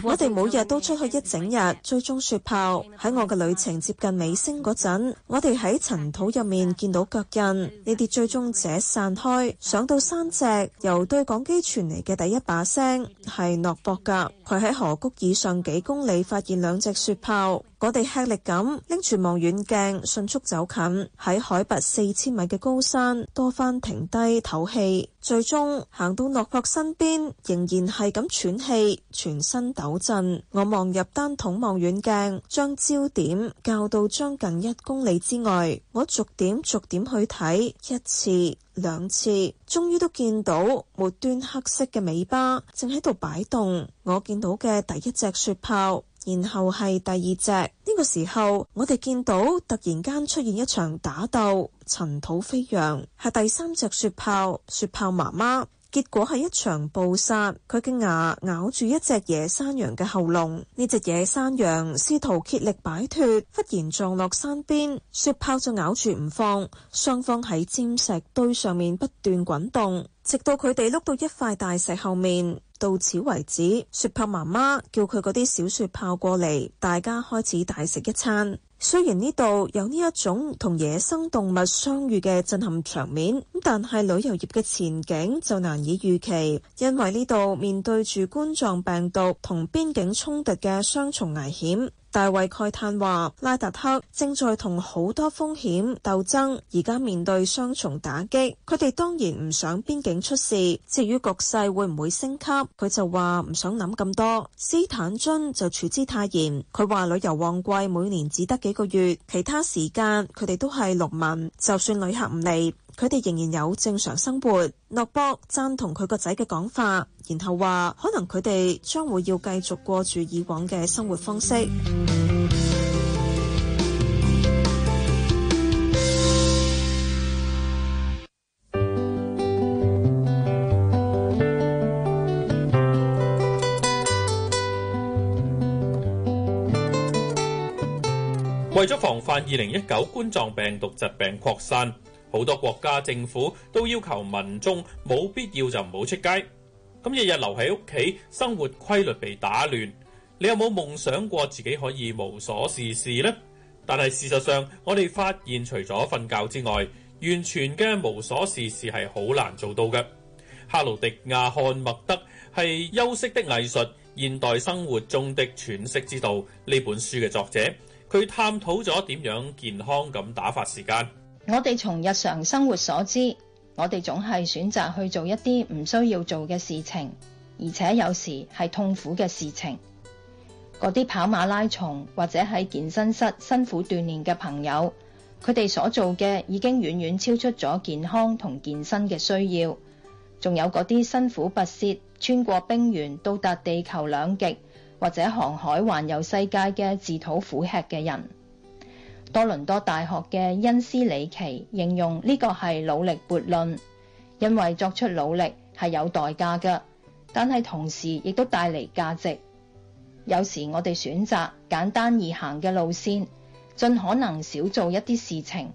S6: 我哋每日都出去一整日追蹤雪豹。喺我嘅旅程接近尾聲嗰陣，我哋喺塵土入面見到腳印。呢啲追蹤者散開，上到山脊，由對講機傳嚟嘅第一把聲係諾博格，佢喺河谷以上幾公里發現兩隻雪豹。我哋吃力咁拎住望遠鏡，迅速走近喺海拔四千米嘅高山，多番停低唞氣，最終行到諾霍身邊，仍然係咁喘氣，全身抖震。我望入單筒望遠鏡，將焦點校到將近一公里之外，我逐點逐點去睇，一次兩次，終於都見到末端黑色嘅尾巴正喺度擺動，我見到嘅第一隻雪豹。然後係第二隻，呢、這個時候我哋見到突然間出現一場打鬥，塵土飛揚。係第三隻雪豹，雪豹媽媽，結果係一場暴殺。佢嘅牙咬，咬住一隻野山羊嘅喉嚨，呢隻野山羊試圖竭力擺脫，忽然撞落山邊，雪豹就咬住唔放，雙方喺尖石堆上面不斷滾動，直到佢哋碌到一塊大石後面。到此為止，雪豹媽媽叫佢嗰啲小雪豹過嚟，大家開始大食一餐。雖然呢度有呢一種同野生動物相遇嘅震撼場面，咁但係旅遊業嘅前景就難以預期，因為呢度面對住冠狀病毒同邊境衝突嘅雙重危險。大衛慨嘆話，拉達克正在同好多風險鬥爭，而家面對雙重打擊，佢哋當然唔想邊境出事。至於局勢會唔會升級，佢就話唔想諗咁多。斯坦津就處之泰然，佢話旅遊旺季每年只得幾個月，其他時間佢哋都係農民，就算旅客唔嚟，佢哋仍然有正常生活。諾博贊同佢個仔嘅講法，然後話可能佢哋將會要繼續過住以往嘅生活方式。
S1: 為咗防範二零一九冠狀病毒疾病擴散，好多國家政府都要求民眾冇必要就唔好出街，咁日日留喺屋企，生活規律被打亂。你有冇夢想過自己可以無所事事呢？但係事實上，我哋發現除咗瞓覺之外，完全嘅無所事事係好難做到嘅。克勞迪亞漢默德係《休息的藝術：現代生活中的喘息之道》呢本書嘅作者，佢探討咗點樣健康咁打發時間。
S7: 我哋從日常生活所知，我哋總係選擇去做一啲唔需要做嘅事情，而且有時係痛苦嘅事情。嗰啲跑馬拉松或者喺健身室辛苦鍛煉嘅朋友，佢哋所做嘅已經遠遠超出咗健康同健身嘅需要。仲有嗰啲辛苦跋涉、穿過冰原、到達地球兩極，或者航海環遊世界嘅自討苦吃嘅人。多倫多大學嘅恩斯里奇形容呢個係努力悖論，因為作出努力係有代價嘅，但係同時亦都帶嚟價值。有時我哋選擇簡單易行嘅路線，盡可能少做一啲事情，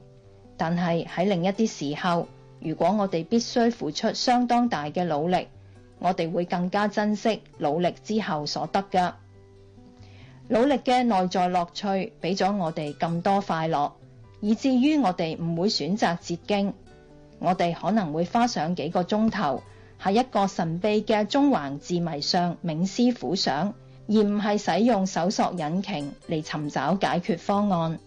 S7: 但係喺另一啲時候，如果我哋必須付出相當大嘅努力，我哋會更加珍惜努力之後所得嘅。努力嘅內在樂趣俾咗我哋咁多快樂，以至於我哋唔會選擇捷徑。我哋可能會花上幾個鐘頭喺一個神秘嘅中環字謎上冥思苦想，而唔係使用搜索引擎嚟尋找解決方案。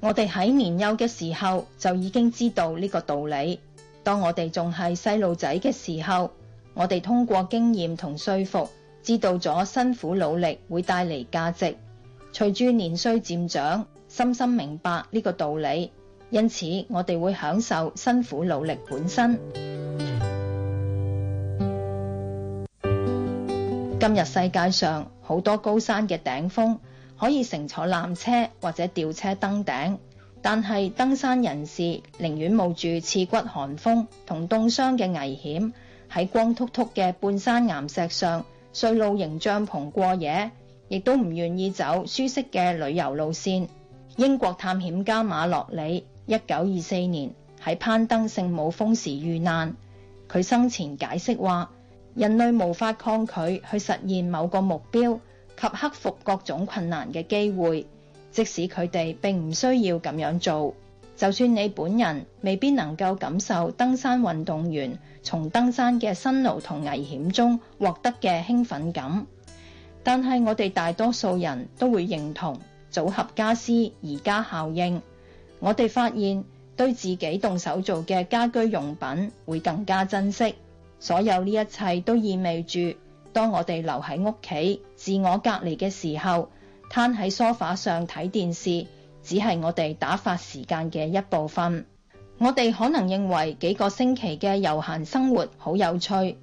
S7: 我哋喺年幼嘅時候就已經知道呢個道理。當我哋仲係細路仔嘅時候，我哋通過經驗同説服。知道咗辛苦努力會帶嚟價值，隨住年歲漸長，深深明白呢個道理。因此，我哋會享受辛苦努力本身。 今日世界上好多高山嘅頂峰可以乘坐纜車或者吊車登頂，但係登山人士寧願冒住刺骨寒風同凍傷嘅危險，喺光禿禿嘅半山岩石上。睡露營帳篷過夜，亦都唔願意走舒適嘅旅遊路線。英國探險家馬洛里一九二四年喺攀登聖母峰時遇難。佢生前解釋話：人類無法抗拒去實現某個目標及克服各種困難嘅機會，即使佢哋並唔需要咁樣做。就算你本人未必能夠感受登山運動員。從登山嘅辛勞同危險中獲得嘅興奮感，但係我哋大多數人都會認同組合家私宜家效應。我哋發現對自己動手做嘅家居用品會更加珍惜。所有呢一切都意味住，當我哋留喺屋企自我隔離嘅時候，攤喺梳化上睇電視，只係我哋打發時間嘅一部分。我哋可能認為幾個星期嘅悠閒生活好有趣，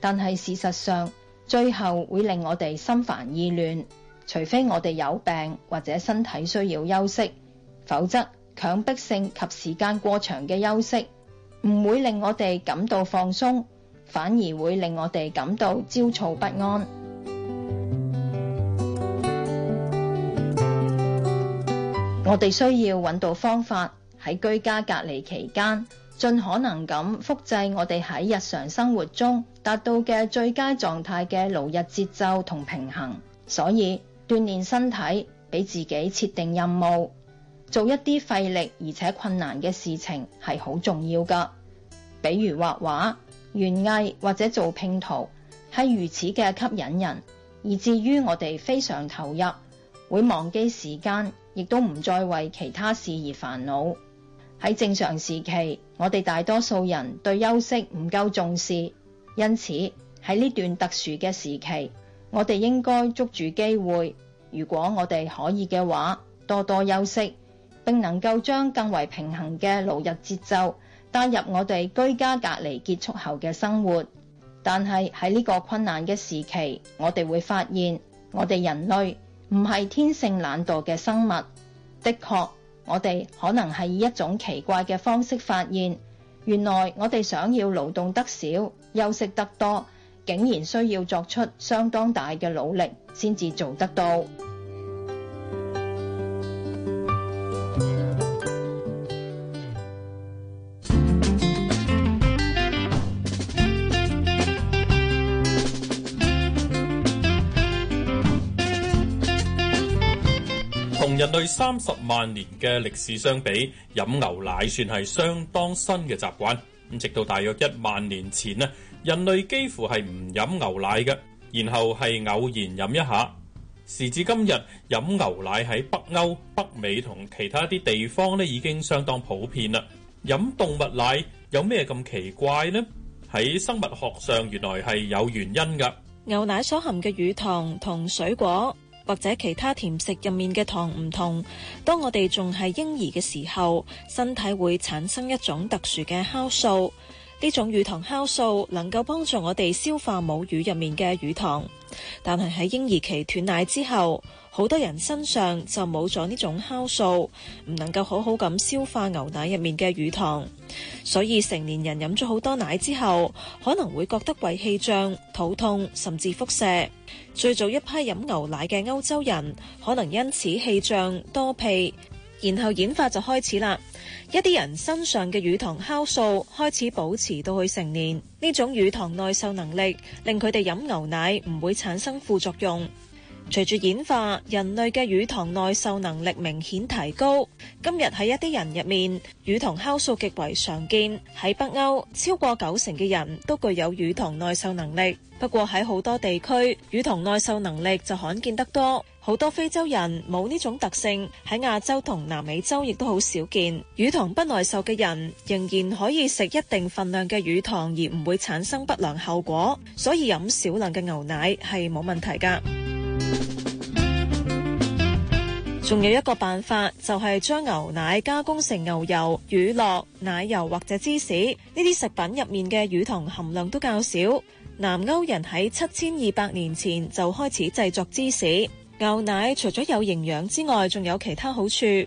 S7: 但係事實上最後會令我哋心煩意亂。除非我哋有病或者身體需要休息，否則強迫性及時間過長嘅休息唔會令我哋感到放鬆，反而會令我哋感到焦躁不安。 我哋需要揾到方法。喺居家隔離期間，盡可能咁複製我哋喺日常生活中達到嘅最佳狀態嘅勞逸節奏同平衡。所以鍛煉身體，俾自己設定任務，做一啲費力而且困難嘅事情係好重要噶。比如畫畫、園藝或者做拼圖，係如此嘅吸引人，以至於我哋非常投入，會忘記時間，亦都唔再為其他事而煩惱。喺正常時期，我哋大多數人對休息唔夠重視，因此喺呢段特殊嘅時期，我哋應該捉住機會，如果我哋可以嘅話，多多休息，並能夠將更為平衡嘅勞逸節奏帶入我哋居家隔離結束後嘅生活。但係喺呢個困難嘅時期，我哋會發現，我哋人類唔係天性懶惰嘅生物，的確。我哋可能係以一種奇怪嘅方式發現，原來我哋想要勞動得少、休息得多，竟然需要作出相當大嘅努力先至做得到。
S1: 人類三十萬年嘅歷史相比，飲牛奶算係相當新嘅習慣。咁直到大約一萬年前呢，人類幾乎係唔飲牛奶嘅，然後係偶然飲一下。時至今日，飲牛奶喺北歐、北美同其他一啲地方呢已經相當普遍啦。飲動物奶有咩咁奇怪呢？喺生物學上原來係有原因㗎。
S6: 牛奶所含嘅乳糖同水果，或者其他甜食入面嘅糖唔同，當我哋仲係嬰兒嘅時候，身體會產生一種特殊嘅酵素，呢種乳糖酵素能夠幫助我哋消化母乳入面嘅乳糖。但係喺嬰兒期斷奶之後。好多人身上就冇咗呢種酵素，唔能夠好好咁消化牛奶入面嘅乳糖，所以成年人飲咗好多奶之後可能會覺得胃氣脹肚痛，甚至腹瀉，最早一批飲牛奶嘅歐洲人，可能因此氣脹多屁，然後演化就開始啦。一啲人身上嘅乳糖酵素開始保持到佢成年，呢種乳糖耐受能力令佢哋飲牛奶唔會產生副作用。隨住演化，人類嘅乳糖耐受能力明顯提高。今日喺一啲人入面，乳糖酵素極為常見。喺北歐，超過九成嘅人都具有乳糖耐受能力。不過喺好多地區，乳糖耐受能力就罕見得多。好多非洲人冇呢種特性，喺亞洲同南美洲亦都好少見。乳糖不耐受嘅人仍然可以食一定份量嘅乳糖，而唔會產生不良後果，所以飲少量嘅牛奶係冇問題噶。仲有一個辦法，就係將牛奶加工成牛油、乳酪、奶油或者芝士。呢啲食品入面嘅乳糖含量都較少。南歐人喺七千二百年前就開始製作芝士。牛奶除咗有營養之外，仲有其他好處。飼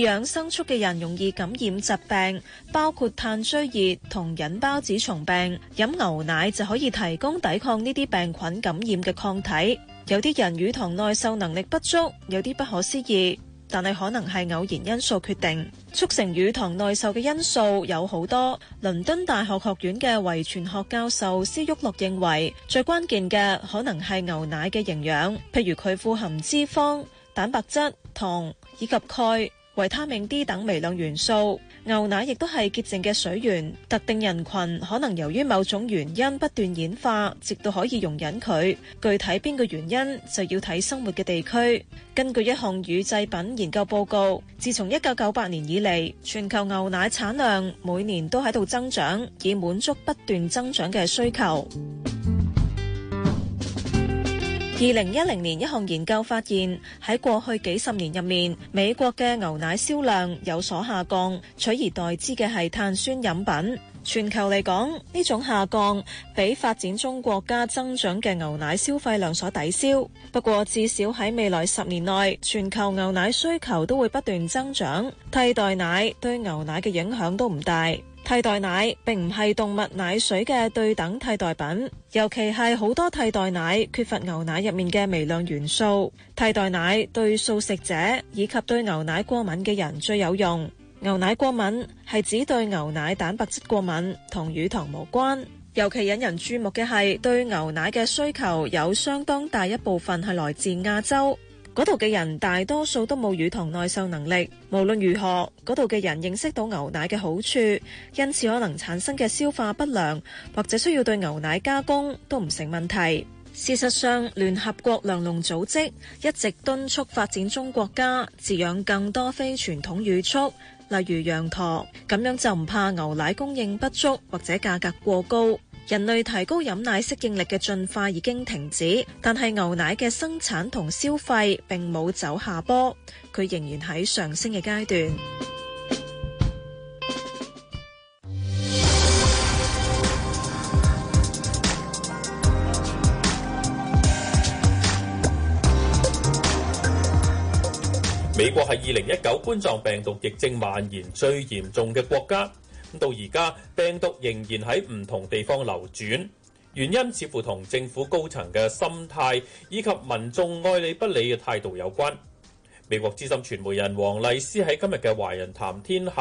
S6: 養牲畜嘅人容易感染疾病，包括炭疽熱同隱孢子蟲病，飲牛奶就可以提供抵抗呢啲病菌感染嘅抗體。有啲人乳糖耐受能力不足，有啲不可思議，但係可能係偶然因素決定。促成乳糖耐受嘅因素有好多。倫敦大學學院嘅遺傳學教授斯沃洛認為，最關鍵嘅可能係牛奶嘅營養，譬如佢富含脂肪、蛋白質、糖以及鈣、維他命 D 等微量元素。牛奶亦都係潔淨嘅水源，特定人群可能由於某種原因不斷演化，直到可以容忍佢。具體邊個原因就要睇生活嘅地區。根據一項乳製品研究報告，自從一九九八年以嚟，全球牛奶產量每年都喺度增長，以滿足不斷增長嘅需求。二零一零年一項研究發現，喺過去幾十年入面，美國嘅牛奶銷量有所下降，取而代之嘅係碳酸飲品。全球嚟講，呢種下降俾發展中國家增長嘅牛奶消費量所抵消。不過，至少喺未來十年內，全球牛奶需求都會不斷增長，替代奶對牛奶嘅影響都唔大。替代奶並唔係動物奶水嘅對等替代品，尤其係好多替代奶缺乏牛奶入面嘅微量元素。替代奶對素食者以及對牛奶過敏嘅人最有用。牛奶過敏係指對牛奶蛋白質過敏，同乳糖無關。尤其引人注目嘅係對牛奶嘅需求有相當大一部分係來自亞洲。嗰度嘅人大多數都冇乳糖耐受能力，無論如何，嗰度嘅人認識到牛奶嘅好處，因此可能產生嘅消化不良或者需要對牛奶加工都唔成問題，事實上，聯合國糧農組織一直敦促發展中國家飼養更多非傳統乳畜，例如羊駝，咁樣就唔怕牛奶供應不足或者價格過高。人類提高飲奶適應力嘅進化已經停止，但係牛奶嘅生產同消費並冇走下坡，佢仍然喺上升嘅階段。
S1: 美國係二零一九冠狀病毒疫症蔓延最嚴重嘅國家。到而家病毒仍然喺唔同地方流轉，原因似乎同政府高層嘅心態以及民眾愛理不理嘅態度有關。美國資深傳媒人黃麗斯喺今日嘅《華人談天下》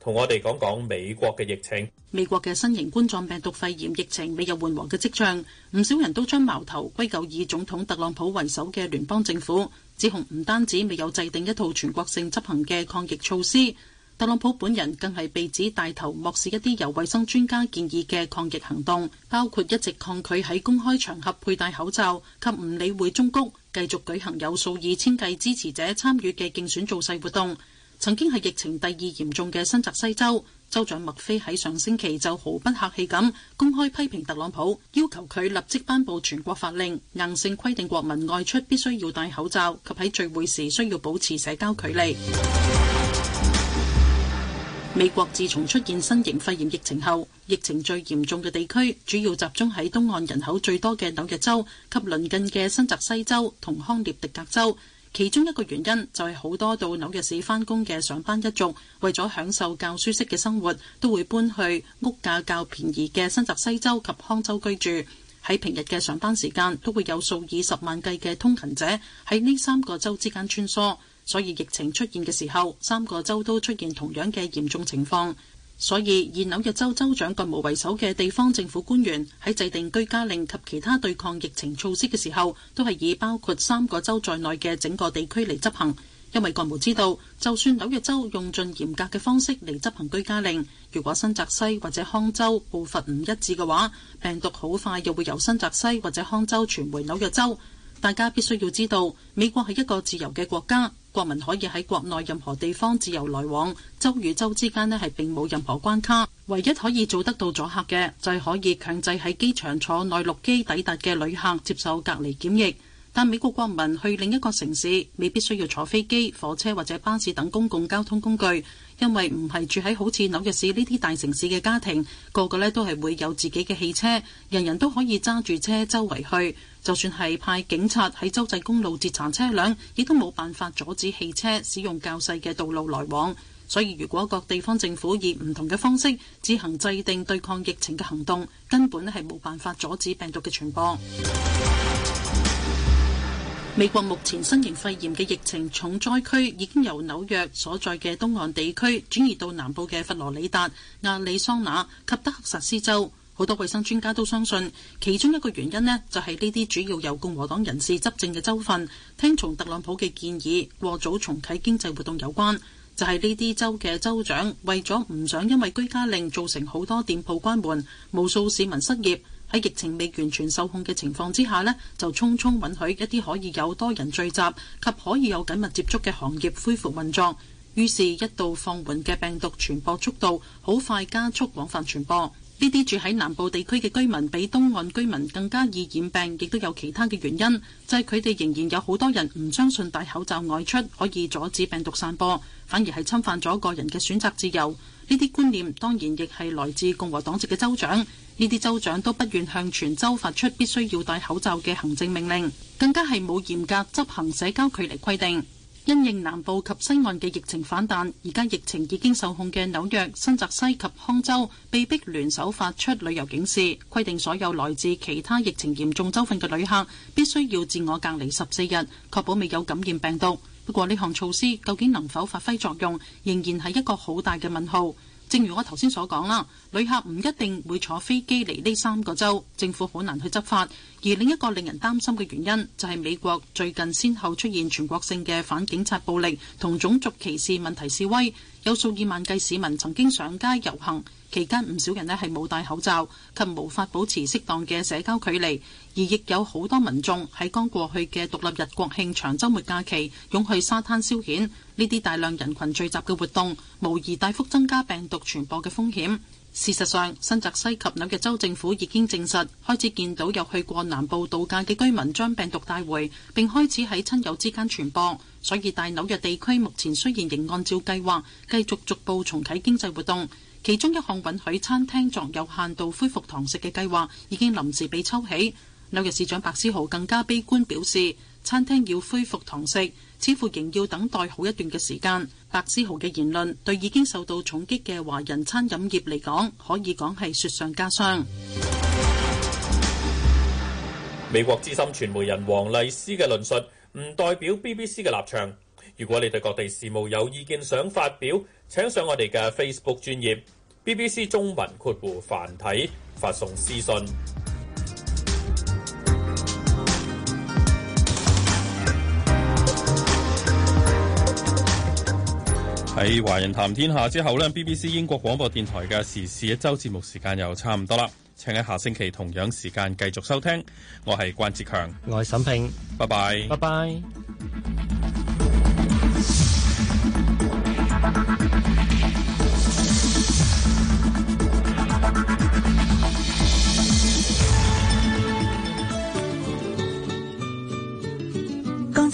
S1: 同我哋講講美國嘅疫情。
S8: 美國嘅新型冠狀病毒肺炎疫情未有緩和嘅跡象，唔少人都將矛頭歸咎以總統特朗普為首嘅聯邦政府，指控唔單止未有制定一套全國性執行嘅抗疫措施。特朗普本人更係被指帶頭漠視一啲由衞生專家建議嘅抗疫行動，包括一直抗拒喺公開場合佩戴口罩及唔理會中局，繼續舉行有數以千計支持者參與嘅競選造勢活動。曾經係疫情第二嚴重嘅新澤西州州長麥菲喺上星期就毫不客氣咁公開批評特朗普，要求佢立即頒布全國法令，硬性規定國民外出必須要戴口罩及喺聚會時需要保持社交距離。美國自從出現新型肺炎疫情後，疫情最嚴重嘅地區主要集中喺東岸人口最多嘅紐約州及鄰近嘅新澤西州同康涅狄格州。其中一個原因就係好多到紐約市翻工嘅上班一族，為咗享受較舒適嘅生活，都會搬去屋價較便宜嘅新澤西州及康州居住。喺平日嘅上班時間，都會有數以十萬計嘅通勤者喺呢三個州之間穿梭。所以疫情出現嘅時候，三個州都出現同樣嘅嚴重情況。所以，以紐約州州長葛謨為首嘅地方政府官員喺制定居家令及其他對抗疫情措施嘅時候，都係以包括三個州在內嘅整個地區嚟執行。因為葛謨知道，就算紐約州用盡嚴格嘅方式嚟執行居家令，如果新澤西或者康州步伐唔一致嘅話，病毒好快又會由新澤西或者康州傳回紐約州。大家必須要知道，美國係一個自由嘅國家。國民可以喺國內任何地方自由來往，州與州之間呢係並冇任何關卡，唯一可以做得到阻吓嘅就係、是、可以強制喺機場坐內陸機抵達嘅旅客接受隔離檢疫。但美國國民去另一個城市未必需要坐飛機、火車或者巴士等公共交通工具，因為唔係住喺好似紐約市呢啲大城市嘅家庭，個個呢都係會有自己嘅汽車，人人都可以揸住車周圍去。就算係派警察喺州際公路截查車輛，亦都冇辦法阻止汽車使用較細嘅道路來往。所以，如果各地方政府以唔同嘅方式自行制定對抗疫情嘅行動，根本係冇辦法阻止病毒嘅傳播。 美國目前新型肺炎嘅疫情重災區已經由紐約所在嘅東岸地區轉移到南部嘅佛羅里達、亞利桑那及德克薩斯州。好多衛生專家都相信，其中一個原因呢，就係呢啲主要由共和黨人士執政嘅州份聽從特朗普嘅建議，過早重啟經濟活動有關。就係呢啲州嘅州長為咗唔想因為居家令造成好多店鋪關門、無數市民失業，喺疫情未完全受控嘅情況之下呢，就匆匆允許一啲可以有多人聚集及可以有緊密接觸嘅行業恢復運作。於是，一度放緩嘅病毒傳播速度，好快加速廣泛傳播。呢啲住喺南部地區嘅居民比東岸居民更加易染病，亦都有其他嘅原因，就係佢哋仍然有好多人唔相信戴口罩外出可以阻止病毒散播，反而係侵犯咗個人嘅選擇自由。呢啲觀念當然亦係來自共和黨籍嘅州長，呢啲州長都不願向全州發出必須要戴口罩嘅行政命令，更加係冇嚴格執行社交距離規定。因應南部及西岸嘅疫情反彈，而家疫情已經受控嘅紐約、新澤西及康州，被逼聯手發出旅遊警示，規定所有來自其他疫情嚴重州份嘅旅客，必須要自我隔離十四日，確保未有感染病毒。不過呢項措施究竟能否發揮作用，仍然係一個好大嘅問號。正如我頭先所講啦，旅客唔一定會坐飛機嚟呢三個州，政府好難去執法。而另一個令人擔心嘅原因，就係美國最近先後出現全國性嘅反警察暴力同種族歧視問題示威，有數以萬計市民曾經上街遊行，期間唔少人咧係冇戴口罩及無法保持適當嘅社交距離。而亦有好多民眾喺剛過去嘅獨立日國慶長週末假期，湧去沙灘消遣。呢啲大量人群聚集嘅活動，無疑大幅增加病毒傳播嘅風險。事實上，新澤西及紐約州政府已經證實開始見到有去過南部度假嘅居民將病毒帶回，並開始喺親友之間傳播。所以，大紐約地區目前雖然仍按照計劃繼續逐步重啟經濟活動，其中一項允許餐廳作有限度恢復堂食嘅計劃已經臨時被抽起。紐約市長白思豪更加悲觀表示，餐廳要恢復堂食，似乎仍要等待好一段嘅時間。白思豪嘅言論對已經受到重擊嘅華人餐飲業嚟講，可以講係雪上加霜。
S1: 美國資深傳媒人王麗斯嘅論述唔代表 BBC 嘅立場。如果你對各地事務有意見想發表，請上我哋嘅 Facebook 專頁 BBC 中文括弧繁體發送私信。喺《華人談天下》之後呢 BBC 英國廣播電台嘅時事一周節目時間又差唔多啦。請喺下星期同樣時間繼續收聽。我係關志強，我係沈平，拜拜 bye，拜拜。